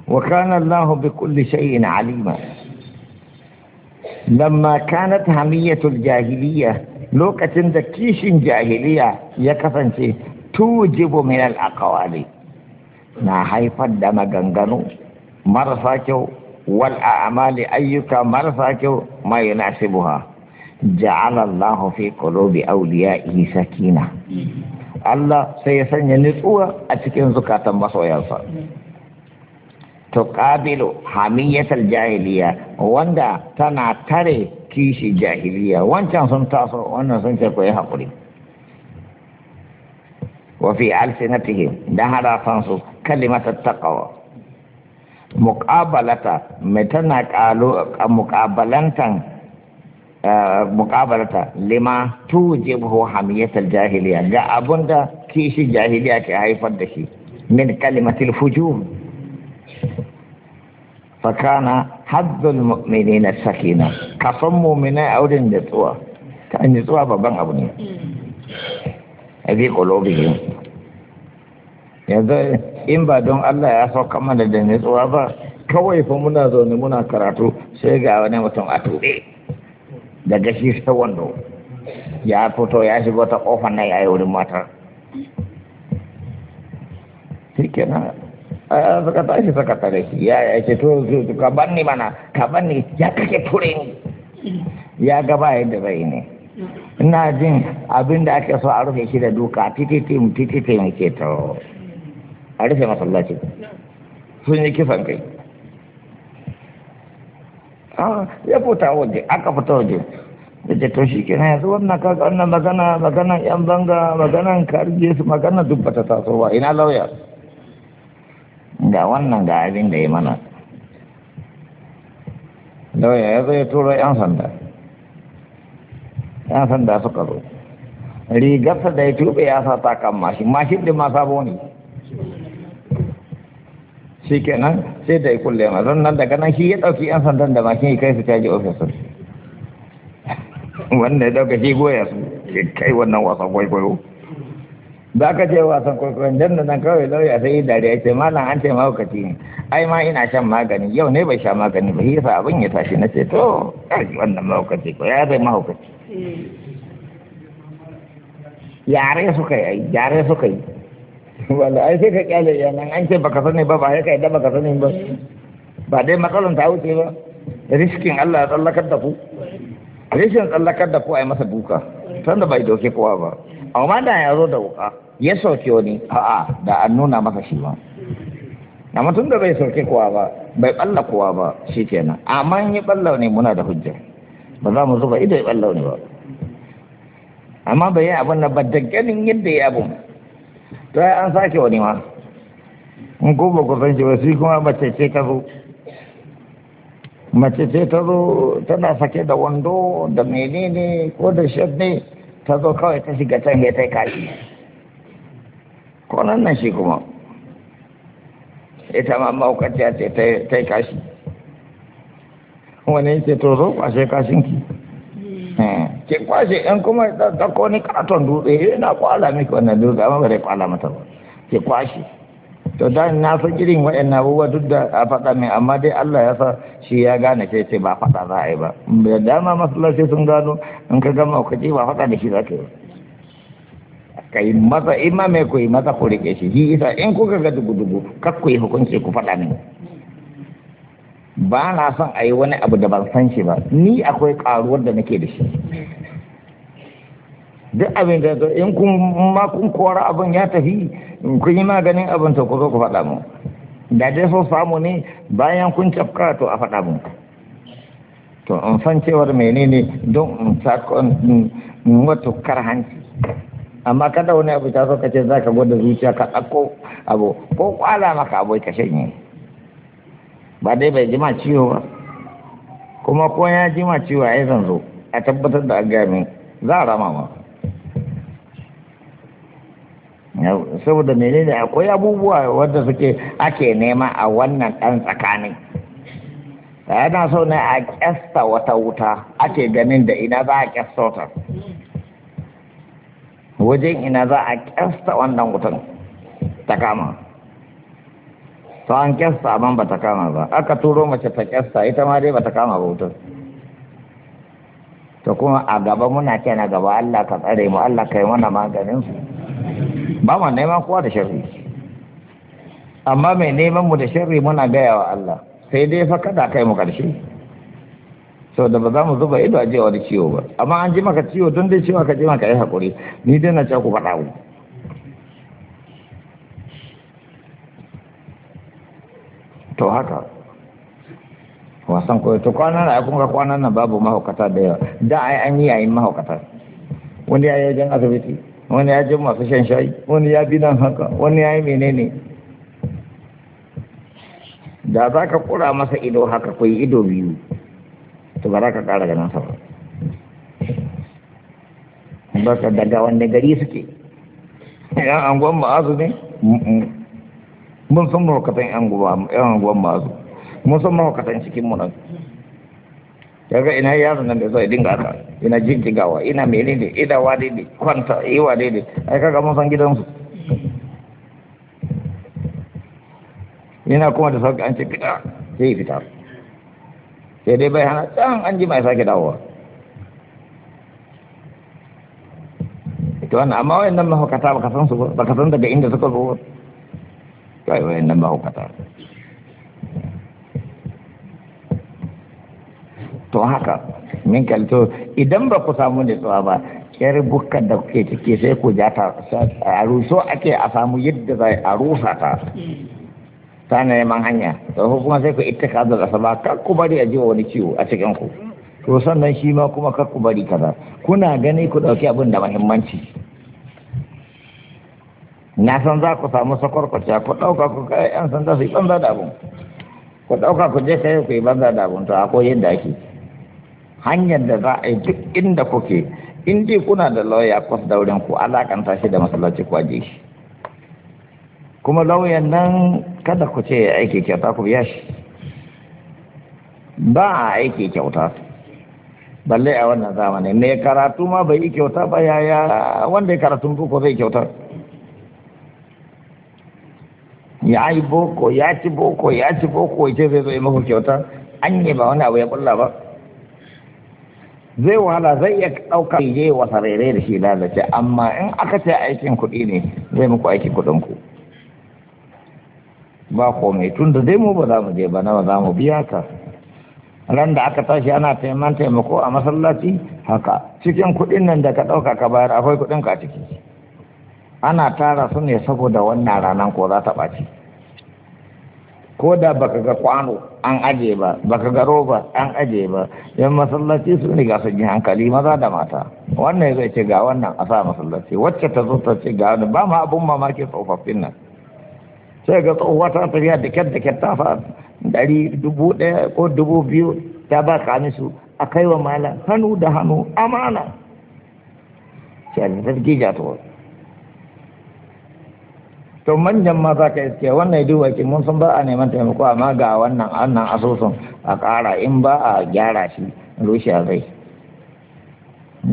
A: وكان الله بكل شيء عليما لما كانت همية الجاهلية لوكة ذكيش جاهلية يكفن شيء توجب من الأقوال نا حيفا دم غنغنو مرفاكو والأعمال أيك مرفاكو ما يناسبها جعل الله في قلوب أوليائه سكينة الله سيسن ينسوه أتكين زكاة مصويا صلى tuqabilu hamiyatal jahiliya wanda tana tare kishi jahiliya wancan sun taso wannan sun ce koyi hakuri wa fi alsinatihim da harafan su kalimata taqwa muqabalata me tana kalo muqabalantan eh, muqabalata lima tujibu hamiyatal jahiliya ga abunda kishi jahiliya ke haifar da shi min kalimatil fujur fakana haddul mu'minina sakina kafan mu'minai auren da tsuwa ta an tsuwa babban abu ne a bi kolobihim yanzu in ba don Allah ya sauka mana da nutsuwa ba kawai fa muna zaune muna karatu sai ga wani mutum a tuɓe daga shi ta wando ya fito ya shigo ta kofar na ya yi wurin matar shi kenan a suka tashi suka tare shi ya ya ce to ka banni mana ka banni ya kake ture
B: ni
A: ya gaba yadda bai ne ina jin abin da ake so a rufe shi da duka titi mu tititi mu ke ta a rufe masallaci sun yi kisan kai ya fita waje aka fita waje da ce to shi kenan yanzu wannan kaga wannan magana magana yan banga maganan karge su magana dubbata tasowa ina lauya ga wannan ga abin da ya mana lauya ya zai turo 'yan sanda 'yan sanda suka zo rigarsa da ya tube ya sa ta kan mashin mashin da ma sabo ne shi kenan sai da ya kulle ma zan nan daga nan shi ya ɗauki 'yan sandan da mashin ya kai su caji ofisar wanda ya ɗauka shi goya su kai wannan wasan kwaikwayo ba ka ce wasan kwaikwayon jan nan kawai lauya sai Ya ce malam an ce mahaukaci ne ai ma ina shan magani yau ne bai sha magani ba yasa abin ya tashi na ce to ce wannan mahaukaci ko ya zai mahaukaci eh. yare suka yi yare suka yi wala ai sai ka kyale yanan an ce baka sani ba ba ya ka da baka sani ba eh. ba dai matsalan ta wuce ba riskin Allah ya tsallakar da ku eh. rishin tsallakar da ku ai masa duka tunda bai doke kowa ba amma da ya zo da wuka ya sauke wani a'a da an nuna masa shi ba amma tun da bai sauke kowa ba bai balla kowa ba shi kenan amma in yi balla ne muna da hujja ba za mu zuba ido ya balla ne ba amma bai yi abin da ba da ganin yadda ya abu to an sake wani ma in ko ba ku san shi ba sai kuma mace ce zo mace ce ta zo tana sake da wando da menene ko da shed ta zo kawai ta shiga can ya tai kashi ko nan nan shi kuma ita ma maukaciya ce tai kashi wani ce to zo kwashe kashinki hmm. eh, ki kwashe in kuma da ko ni katon dutse yana kwala miki wannan dutse amma bare kwala mata ba ki kwashe to dan na fi irin waɗannan abubuwa duk da a faɗa min amma dai Allah ya sa shi ya gane sai ce ba faɗa za a yi ba da dama masallaci sun gano in ka gama ka ce ba faɗa da shi za ka yi ka yi masa, ima mai ku yi masa ku riƙe shi shi isa in kuka ga dugu-dugu ka ku yi hukunci ku faɗa min ba na son a yi wani abu da ban san shi ba ni akwai ƙaruwar da nake da shi duk abin da in kun ma kun kora abin ya tafi kun yi maganin abin ta ku zo ku faɗa mu da dai so samu ne bayan kun cafka to a faɗa mu to in san cewar menene don in sakon wato hanci amma kada wani abu ta so ka ce za ka gwada zuciya ka ɗauko abu ko kwala maka abu ka shanye ba dai bai jima ciwo ba kuma ko ya jima ciwo a yi zanzo a tabbatar da agami za a rama ma saboda menene akwai abubuwa wadda suke ake nema a wannan ɗan tsakanin yana so ne a ƙyasta wata wuta ake ganin da ina za a ƙyasta wata wajen ina za a ƙyasta wannan wutan ta kama ta an ƙyasta amma ba ta kama ba aka turo mace ta ƙyasta ita ma dai ba ta kama ba wutan ta kuma a gaba muna ce gaba Allah ka tsare mu Allah ka yi mana maganin su ba ma neman kowa da sharri amma mai neman mu da sharri muna gaya wa Allah sai dai fa kada kai mu karshe So da ba za mu zuba ido a je wani ciwo ba amma an ji maka ciwo don dai ciwo ka ji maka yi haƙuri ni dai na ce ku faɗa mu to haka wasan koyo to kwanan nan kun ga kwanan nan babu mahaukata da yawa da ai an yi yayin mahaukata wanda ya yi jan asibiti wani ya ji masu shan shayi wani ya bi nan haka wani ya yi menene da za ka kura masa ido haka ku yi ido biyu to ba za ka kara ganin sa ba ka daga wanda gari suke yan anguwan ma'azu ne mun san mawakatan yan anguwan ma'azu mun san mawakatan cikin mu daga ina yaron nan da zai dinga haka ina jijjigawa ina menene ina wa daidai kwanta iwa eh, daidai ai kaga mun san gidansu ina kuma da sauki an ce fita sai fita sai dai bai hana can an ji mai sake dawowa to wannan amma wayannan mahaukata baka san su baka san daga inda suka zo kai wayannan mahaukata to haka min kalto idan ba ku samu nutsuwa ba yar bukkan da kuke take sai ku ja ta a ruso ake a samu yadda za a rusa ta ta neman hanya to kuma sai ku ka da kasa ba kar ku bari a ji wani ciwo a cikin ku to sannan shi ma kuma kar ku bari kaza kuna gani ku dauki abin da muhimmanci na san za ku samu sakwarkwaciya ku ɗauka ku kai yan sanda su yi banza da abun ku dauka ku je kai ku yi banza da abun to akwai yadda ake hanyar da za a yi duk inda kuke in dai kuna da lauya kwas daurin ku alakanta shi da masallaci ku aje shi kuma lauyan nan kada ku ce aiki kyauta ku biya shi ba a aiki kyauta balle a wannan zamani ne karatu ma bai yi kyauta ba yaya wanda ya karatun ko zai kyauta ya yi boko ya ci boko ya ci boko ya ce zai zo yi maku kyauta an yi ba wani abu ya bulla ba zai wahala zai iya ɗauka je wa sarere da shi lalace amma in aka ce aikin kuɗi ne zai muku aikin kuɗin ku ba komai tun da dai mu ba za mu je ba nawa za mu biya ka ran da aka tashi ana taiman taimako a masallaci haka cikin kuɗin nan da ka ɗauka ka bayar akwai kuɗin ka ciki ana tara su ne saboda wannan ranar ko za ta ɓaci ko da baka ga kwano an aje ba baka ga roba an aje ba yan masallaci su ne ga sun hankali maza da mata wannan zai ce ga wannan a sa masallaci wacce ta zo ta ce ga wani ba ma abun mamaki tsofaffin nan sai ga tsohuwa ta tafiya da kyar da kyar ta fa dari dubu ɗaya ko dubu biyu ta ba ka a kai wa malam hannu da hannu amana sai a to manyan ma za ka iske wannan duba wake mun san ba a neman taimako amma ga wannan annan asusun a ƙara in ba a gyara shi rushe zai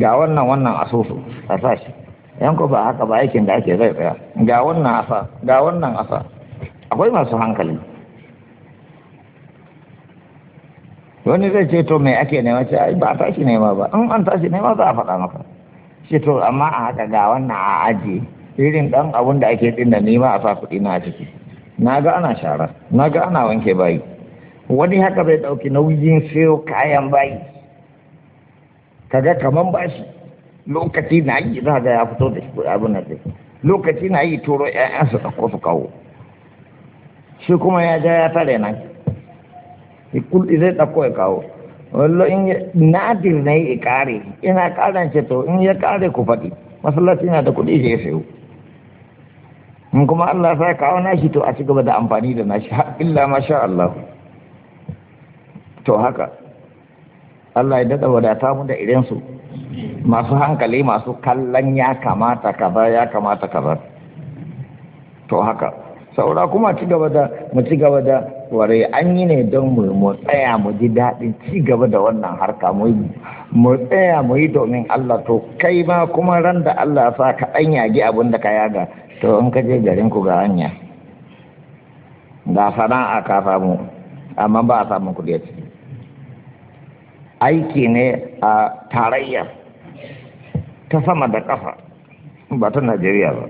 A: ga wannan wannan asusu a sa shi yan ko ba haka ba aikin da ake zai tsaya ga wannan asa ga wannan asa akwai masu hankali wani zai ce to mai ake nema ce ba a tashi nema ba in an tashi nema za a faɗa maka ce to amma a haka ga wannan a ajiye irin ɗan abun da ake tsinda nema a sa na a ciki na ga ana shara na ga ana wanke bayi wani haka bai ɗauki nauyin sayo kayan bayi kaga kaman bashi lokaci na yi za ga ya fito da shi abin nan lokaci na yi turo su ɗauko su kawo shi kuma ya ja ya tare nan ikul zai ɗauko ya kawo wallo in nadir na yi kare ina karance to in ya ƙare ku faɗi masallaci na da kuɗi shi ya sayo in kuma Allah sa kawo nashi to a ci gaba da amfani da nashi illa masha Allah to haka Allah ya dada wadata mu da irinsu masu hankali masu kallon ya kamata ka bar ya kamata ka bar. to haka saura kuma ci gaba da mu ci gaba da ware an yi ne don mu mu tsaya mu ji daɗin ci gaba da wannan harka mu mu tsaya mu yi domin Allah to kai ma kuma ran da Allah sa ka ɗan yagi abin da ka yaga to in ka je garin ku ga hanya ga sana'a ka samu amma ba a samun kuɗi ciki aiki ne a tarayya ta sama da ƙafa ba ta najeriya ba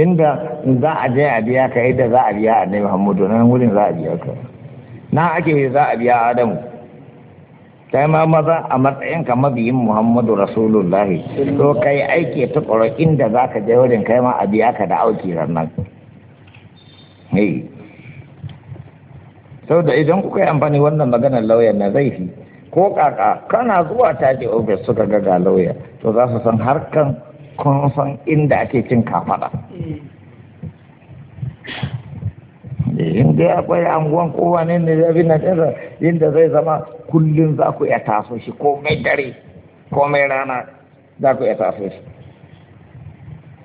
A: inda za a je a biya ka yadda za a biya a nemi hamudu nan wurin za a biya ka na ake za a biya adamu kai ma maza a matsayin ka mabiyin Muhammadu Rasulullah to kai aiki ta tsoro inda za ka je wurin kai ma a biya ka da auki rannan hei sau da idan kuka yi amfani wannan maganar lauyan na zai fi ko kaka kana zuwa ta taje ofis suka ga ga lauya to za su san harkan kun san inda ake cin kafada eh. Eh, in dai akwai anguwan kowa ne ne zai na tsara inda zai zama kullum za ku iya taso shi mai dare ko mai rana za ku iya taso shi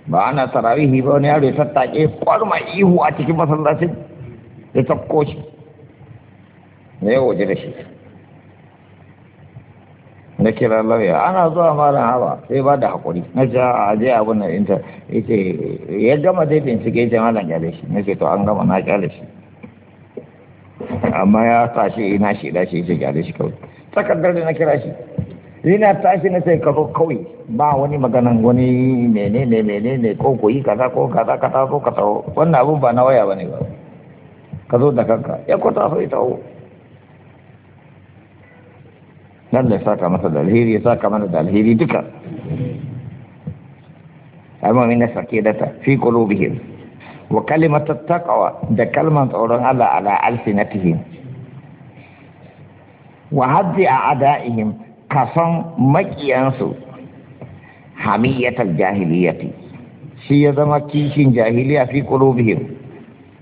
A: ba ana tarawihi ba wani yaro ya tattake ma ihu a cikin masallacin ya tafko shi ne ya waje da shi na kira lauya ana zuwa mara hawa sai ba da haƙuri na ce a je abin na inta ita ya gama dai bincike ce malam kyale shi na ce to an gama na kyale shi amma ya tashi ina shi da shi ita kyale shi kawai takardar da na kira shi ina tashi na sai kafa kawai ba wani maganan wani menene menene ko koyi kaza ko kaza ka taso ka taho wannan abun ba na waya bane ba ka zo da kanka ya kwata so ita لم يفاق مثل الهيري يفاق من الهيري تكا أما من سكيدة في قلوبهم وكلمة التقوى ده كلمة أوران الله على ألسنتهم وهد أعدائهم كصن مكيانسو حمية الجاهلية في قلوبهم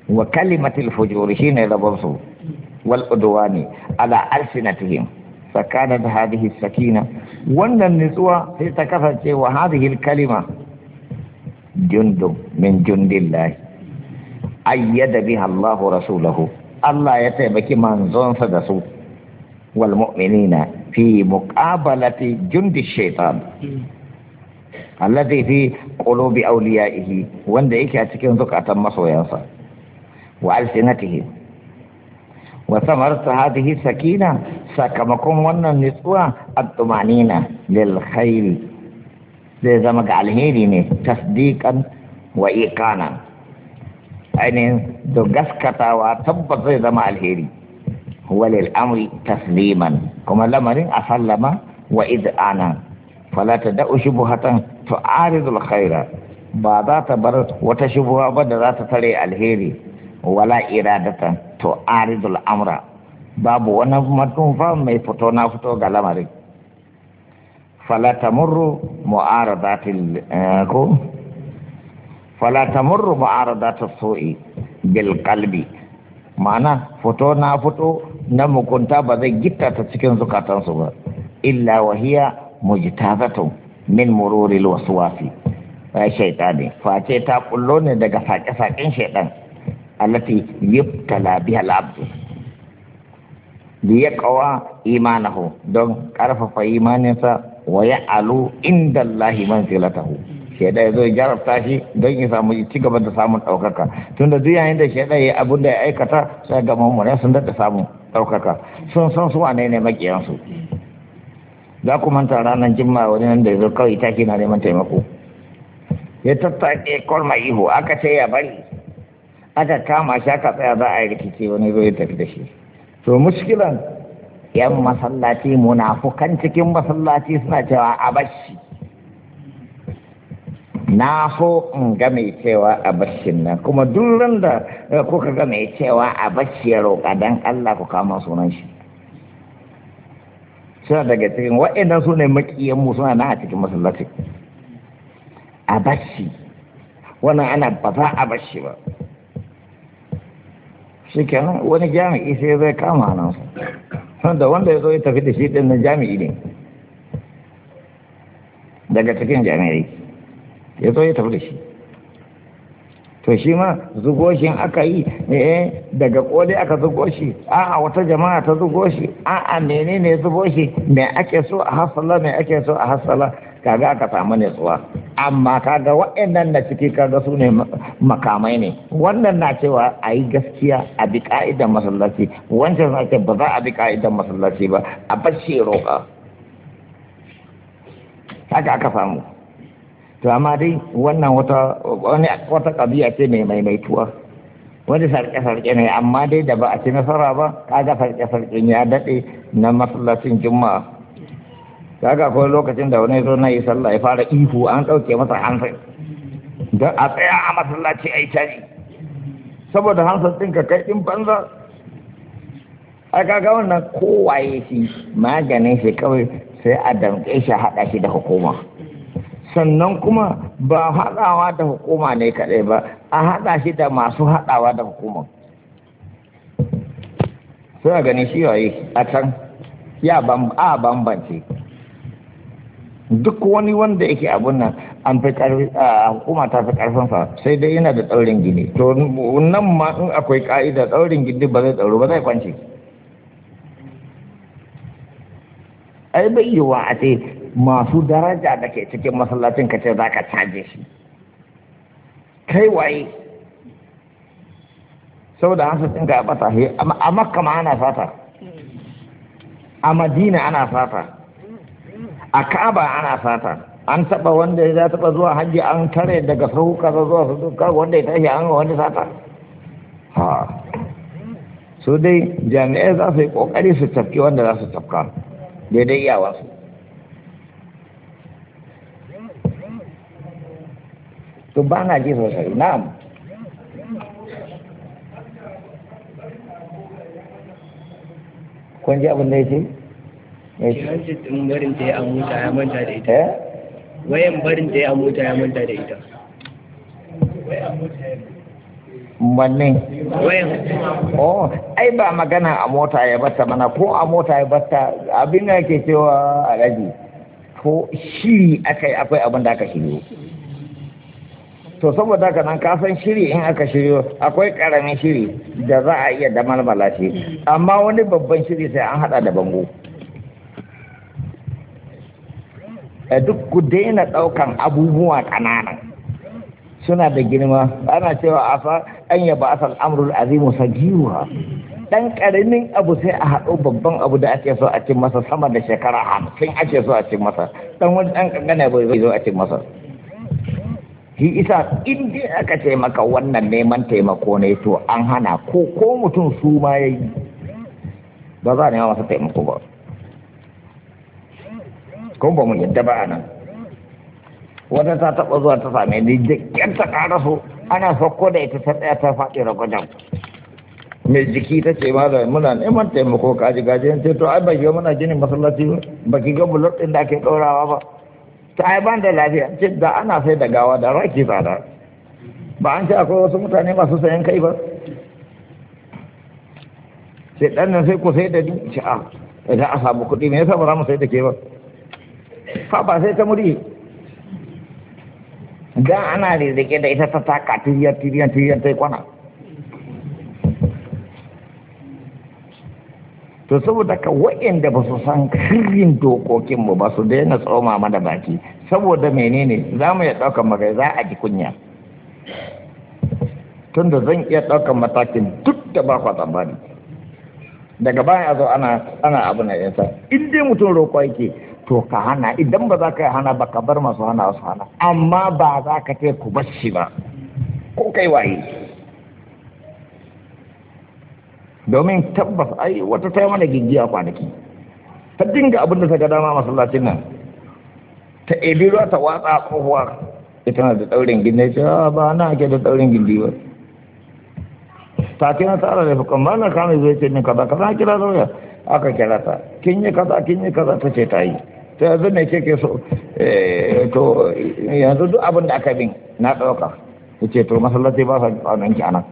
A: وكلمة الفجور حين على ألسنتهم tsakana da hadihis sakina wannan nutsuwa sai ta kasance wa hadihil kalima jundum min jundillahi ayyada biha rasulahu Allah ya taimaki manzonsa da su wal mu'minina fi muqabalati jundi shaytan alladhi fi qulubi awliyaihi wanda yake a cikin zukatan masoyansa wa alsinatihi wa samarta hadhihi sakina sakamakon wannan nutsuwa at-tumanina lil khairi zai zama ga alheri ne tasdiqan wa iqanan ainihin da gaskatawa tabbas zai zama alheri walil amri tasliman kuma lamarin a sallama wa id'ana fala tad'u shubuhatan tu'aridul khaira ba za ta bar wata shubuha ba da za ta tare alheri wala iradatan tu'aridul amra babu wani mutum mai fito na fito ga lamarin fala tamurru mu'aradatil eh, ko fala su'i bil qalbi ma'ana fito na fito na mukunta ba zai gitta ta cikin zukatansu ba illa wahiya mujtazatun min mururil waswasi shaitani face ta kullo ne daga sake-saken shaitan allati yubtala biha al-abdu liyaqawa imanahu don karfafa imaninsa wa ya'alu inda Allah manzilatahu shaida ya zo ya jarabta shi don ya samu ci gaba da samun ɗaukaka tunda da duk yayin da ya abin da ya aikata sai ga mummune sun daɗa samun ɗaukaka sun san su wane ne maƙiyansu za ku manta ranar jimma wani nan da ya zo kawai taki na neman taimako ya kol mai ihu aka ce ya bari aka kama shi aka tsaya za a yi rikici wani zo ya tafi da shi to muskilan yan masallaci munafukan cikin masallaci suna cewa a bashi na so in ga mai cewa a bashin nan kuma duk ran da kuka ga mai cewa a bashi ya roƙa don Allah ku kama sunan shi suna daga cikin waɗannan su ne makiyanmu suna nan a cikin masallaci a bashi wannan ana ba za a bashi ba shi kenan wani jami'i sai zai kama hannunsa da wanda ya zo ya tafi da shi ɗin na jami'i ne daga cikin jami'ai ya zo ya tafi da shi to shi ma zugo shi aka yi ne eh, daga kodi aka zugo shi a'a wata jama'a ta zugo shi mene ne zugo shi me ake so a hasala me ake so a hasala kaga aka samu nutsuwa amma kaga waɗannan da ciki kaga su ne makamai ne wannan na cewa a yi gaskiya a bi ka'idan masallaci wancan na ce ba za a bi ƙa'idan masallaci ba a bashi roƙa haka aka samu to amma dai wannan wata wata ƙabiya ce mai maimaituwa wani sarƙe-sarƙe ne amma dai da ba a ci nasara ba kaga sarƙe-sarƙen ya daɗe na masallacin juma'a kaga akwai lokacin da wani zo na yi sallah ya fara ihu an ɗauke masa hansa don a tsaya a masallaci a yi saboda hansa ɗin ka kai ɗin banza a kaga wannan kowaye shi maganin shi kawai sai a damƙe shi haɗa shi da hukuma sannan kuma ba haɗawa da hukuma ne kaɗai ba a haɗa shi da masu haɗawa da hukuma sai a gani shi yi a can ya a bambance duk wani wanda yake abun nan an fi karfi a hukuma ta fi karfinsa sai dai yana da tsaurin gini to nan ma in akwai ka'ida tsaurin gini ba zai tsauru ba zai kwance ai bai yi wa a ce masu daraja da ke cikin masallacin ka ce za ka caje shi kai waye saboda hansu ɗinka ya ɓata a makka ma ana fata a madina ana fata a kaba ana sata an taba wanda ya taba zuwa hajji an tare daga sahu kaza zuwa sahu wanda ya tashi an wani sata ha su dai jami'ai za su yi kokari su tafki wanda za su tafka daidai iyawa su to ba na ji sosai na'am kun ji abin da ya ce Eh. Kiranci barin ta yi a mota ya manta da ita. Eh? Wayan barin ta yi a mota ya manta da ita. Wanne? Wayan. Oh, ai ba magana a mota ya bata mana ko a mota ya bata abin da ke cewa alaji. Ko shiri aka yi akwai abin da aka shiryo. to saboda haka nan ka san shiri in aka shiryo akwai karamin shiri da za a iya damar malashi. amma wani babban shiri sai an hada da bango a duk ku daina ɗaukan abubuwa ƙanana suna da girma ana cewa a fa an yaba asal amrul azimu sagiwa dan karamin abu sai a haɗo babban abu da ake so a cin masa sama da shekara hamsin ake so a cin masa dan wani dan kankana bai zai zo a cin masa shi isa in dai aka taimaka wannan neman taimako ne to an hana ko ko mutum su ma yi ba za a nema masa taimako ba ko ba mu yadda ba anan nan wata ta taɓa zuwa ta same ni jikin ta ƙara so ana fakko da ita ta tsaya ta faɗi ragwajen mai jiki ta ce ma da muna neman taimako kaji gaji ce to ai baki ga muna ginin masallaci ba baki ga bulur din da ake ɗorawa ba ta ai ban da lafiya ce da ana sai da gawa da raki tsada ba an ce akwai wasu mutane masu sayan kai ba sai ɗan nan sai ku sai da ni ce a ah, idan a samu kuɗi me yasa ba za mu sai da ke ba fa ba sai ta muri da ana rizike da ita ta taka tiriyar tiriyar tiriyar ta kwana to saboda ka wa'inda ba su san sirrin dokokinmu ba su daina tsoma mana baki saboda menene za mu iya ɗaukar magai za a ji kunya tunda zan iya ɗaukar matakin duk da ba kwa tsammani daga baya a zo ana ana abu na yasa in dai mutum roƙo yake to ka hana idan ba za ka yi hana ba ka bar masu hana su hana amma ba za ka ce ku bar shi ba ko kai waye domin tabbas ai wata ta yi mana gigiya kwanaki ta dinga abin da ta ga dama masallacin nan ta ebi ta watsa kofuwa ita na da daurin gindi ce ah, ba na ake da daurin gindi ba ta kira ta ala da fi kamar na kame zai ce ni kaza kaza kira zauya aka kira ta kin yi kaza kin yi kaza ta ce ta yi to yanzu ne ce ke so eh, to yanzu duk abin da aka bin na ɗauka yace ce to masallaci ba sa kwananki a nan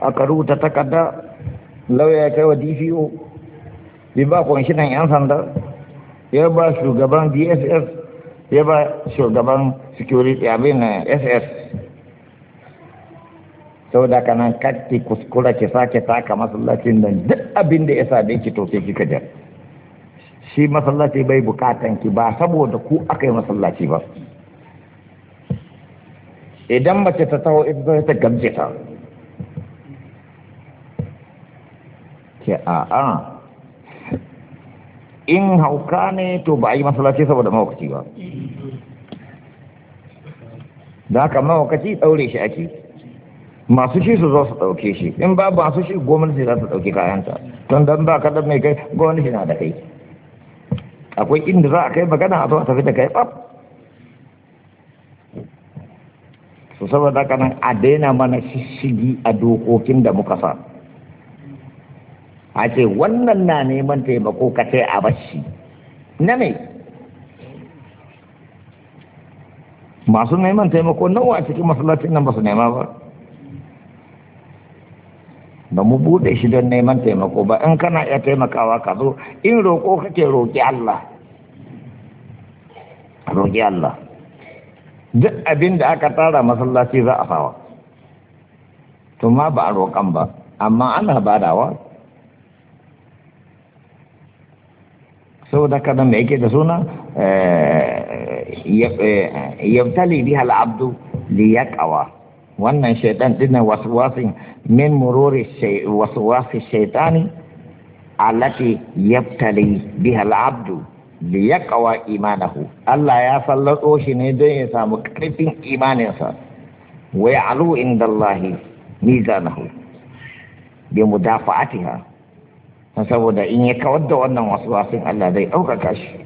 A: aka rubuta takarda lauya kai wa dpo Iba ba kwanshinan yan sanda ya ba shugaban dss ya ba shugaban security abin eh, ss sau da kanan kakki kuskura ki sake taka masallacin nan duk abin da ya same ki to sai kika jar shi masallaci bai bukatan ki ba saboda ku aka yi masallaci ba idan mace ta taho ita zai ta gamje ta ke a in hauka ne to ba a yi masallaci saboda mawakaci ba da haka mawakaci ɗaure shi ake masu shi su zo su ɗauke shi in ba masu shi gwamnati za su dauke kayanta tun don ba ka da mai kai gwamnati na da kai akwai inda za a kai magana a zo a tafi da kai ɓaf su saboda kanan a daina mana shishigi a dokokin da muka sa a ce wannan na neman taimako ka sai a bashi na ne masu neman taimako nawa a cikin masallacin nan ba su nema ba ba mu buɗe shi don neman taimako ba in kana iya taimakawa ka zo in roƙo kake roƙi Allah roƙi Allah duk abin da aka tara masallaci za a fawa to ma ba a roƙan ba amma ana badawa saboda kadan da yake da suna eh, eh, eh, yabtali biha al'abdu liyaqawa wannan shaitan din waswasin min mururi waswasi shaitani allati yabtali biha al li yaqwa imanahu Allah ya sallatso shi ne don ya samu karfin imaninsa wa ya'lu inda Allah mizanahu bi mudafa'atiha saboda in ya kawar da wannan waswasin Allah zai ɗaukaka shi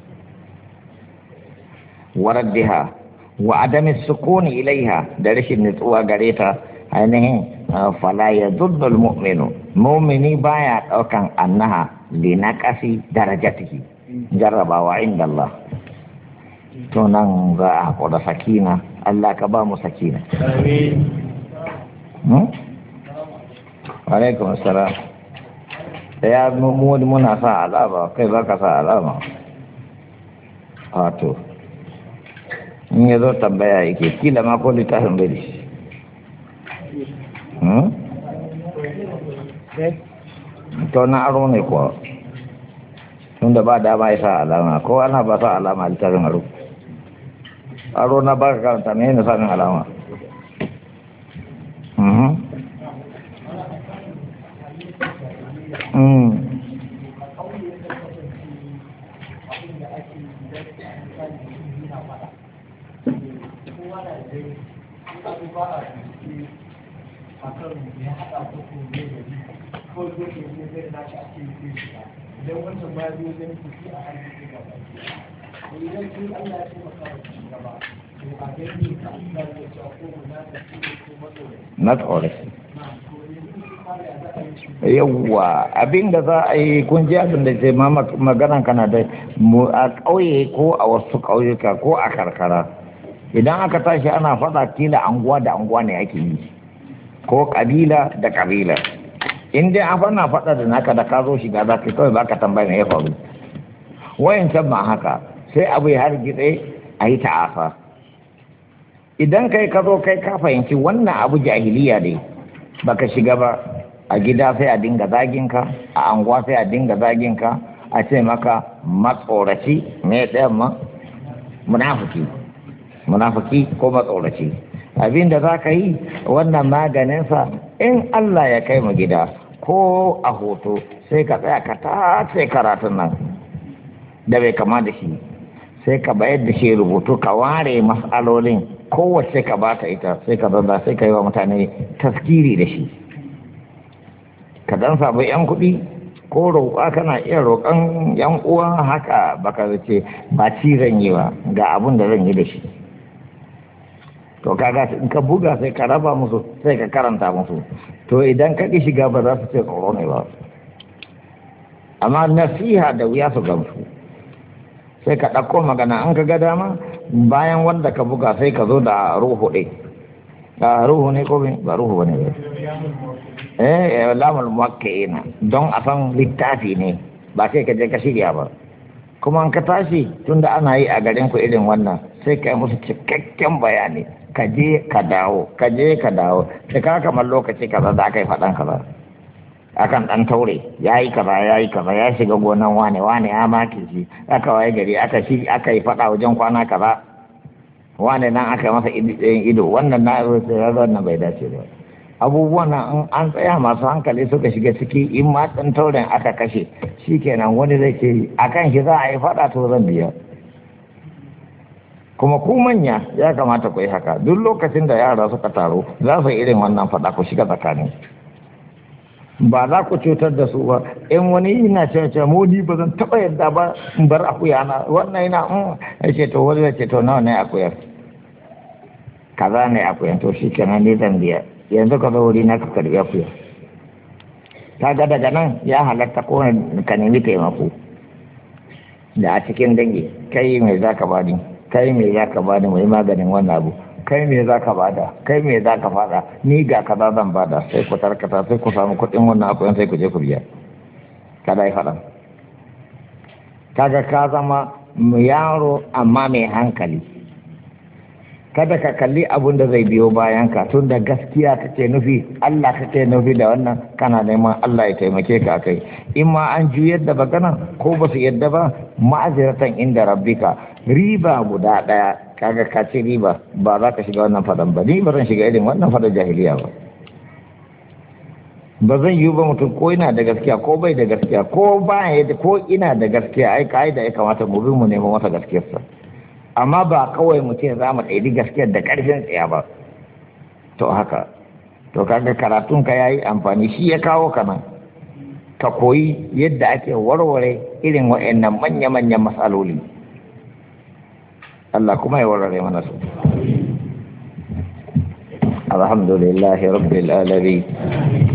A: waraddiha wa adami sukuni ilaiha da rashin nutsuwa gare ta ainihin uh, fala ya zuddul mu'minu mu'mini baya daukan annaha li naqasi darajatihi jarrabawa inda Allah to nan za a hakura sakina Allah ka ba mu sakina
B: amin hmm?
A: alaikum assalam ya mu muna sa alama kai baka sa alama wato in ya zo tambaya yake kila ma ko littafin bai da shi hmm? to na aro ne kuwa tun da ba dama ya sa alama ko ana ba sa alama a littafin aro aro na ba ka karanta ne na samun alama
B: Mm-hmm. mm hmm, hmm. ba a a da ko ke zai na ake yi ba idan ku
A: na yawwa abin da za a yi kun abin da ce ma maganan kana a ƙauye ko a wasu ƙauyuka ko a karkara idan aka tashi ana faɗa kila anguwa da anguwa ne ake yi ko kabila da kabila in dai an fana fada da naka da ka zo shiga za ka kawai ba ka tambaya ya faru wayancan ma haka sai abu ya hargitse a yi ta'afa idan kai ka zo kai ka fahimci wannan abu jahiliya ne baka shiga ba a gida sai a dinga zaginka a anguwa sai a dinga zaginka a ce maka matsoraci mai ɗayan ma munafuki munafiki ko matsoraci abin da za ka yi wannan maganinsa in Allah ya kai mu gida ko a hoto sai ka tsaya ka tace karatun nan da bai kama da shi sai ka bayar da shi rubutu ka ware matsalolin kowace ka ba ta ita sai ka zanda sai ka yi wa mutane taskiri da shi ka dan samu 'yan kuɗi ko roƙa kana iya roƙon yan uwa haka baka zace ba ci zan yi ba ga abin da zan yi da shi to kaga in ka buga sai ka raba musu sai ka karanta musu to idan ka ki shiga ba za su ce tsoro ne ba amma nasiha da wuya su gamsu sai ka ɗauko magana an ka ga dama bayan wanda ka buga sai ka zo da ruhu ɗai a ruhu ne ko ba ruhu ba ne ba eh, eh lamul muwakki'ina don a san littafi ne ba sai ka je ka shirya ba kuma an ka tashi tunda ana yi a garin ku irin wannan sai ka yi musu cikakken bayani ka je ka dawo ka je ka dawo sai ka kamar lokaci kaza za ka yi faɗan kaza akan ɗan taure ya yi kaza ya yi kaza ya shiga gonan wane wane ya maki shi aka waye gari aka shi aka yi faɗa wajen kwana kaza wane nan aka masa ido wannan na ya wannan bai dace ba abubuwan nan an tsaya masu hankali suka shiga ciki in ma ɗan tauren aka kashe shikenan wani zai ce akan shi za a yi faɗa to zan biya kuma ku manya ya kamata ku yi haka duk lokacin da yara suka taro za su irin wannan faɗa ku shiga tsakanin. ba za ku cutar da su ba in wani yana cewa modi ba zan taɓa yadda ba in bar akuya na wannan yana in mm. ya ce to wani ya ce nawa ne akuyar kaza ne akuyar to shi kenan ne zan biya yanzu ka zo wuri na ka karbi akuyar ga daga nan ya halatta ko ka nemi taimako da a cikin dangi kai mai za zaka bani kai me za ka bada mai maganin wannan abu kai me za ka bada kai me za ka fada ni ga za zan bada sai ku tarkata sai ku samu kuɗin wannan abu sai ku je ku biya kada ya faɗa kaga ka zama yaro amma mai hankali kada ka kalli abun da zai biyo bayan ka tun da gaskiya kake nufi Allah kake nufi da wannan kana neman Allah ya taimake ka akai in ma an juyar da bagana ko ba su yadda ba ma'azirtan inda rabbika riba guda ɗaya kaga ka ce riba ba za ka shiga wannan fadan ba ni ba zan shiga irin wannan fadan jahiliya ba ba zan yi ba mutum ko ina da gaskiya ko bai da gaskiya ko ba ko ina da gaskiya ai da ya kamata mu bi mu nemo masa gaskiyarsa amma ba kawai mu ce za mu ɗaiɗi gaskiyar da ƙarfin tsaya ba to haka to kaga karatun ka yayi amfani shi ya kawo ka nan ka koyi yadda ake warware irin wa'annan manya-manyan matsaloli Allah kuma ya warware mana su alhamdulillahi rabbil alamin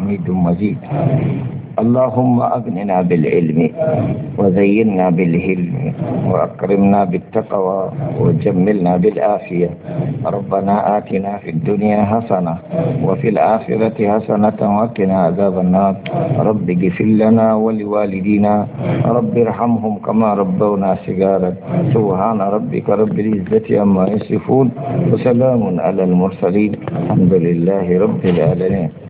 A: حميد مجيد اللهم أغننا بالعلم وزينا بالهلم وأكرمنا بالتقوى وجملنا بالآفية ربنا آتنا في الدنيا حسنة وفي الآخرة حسنة وقنا عذاب النار رب اغفر لنا ولوالدينا رب ارحمهم كما ربونا صغارا سبحان
B: ربك رب العزة عما يصفون وسلام على المرسلين الحمد لله رب العالمين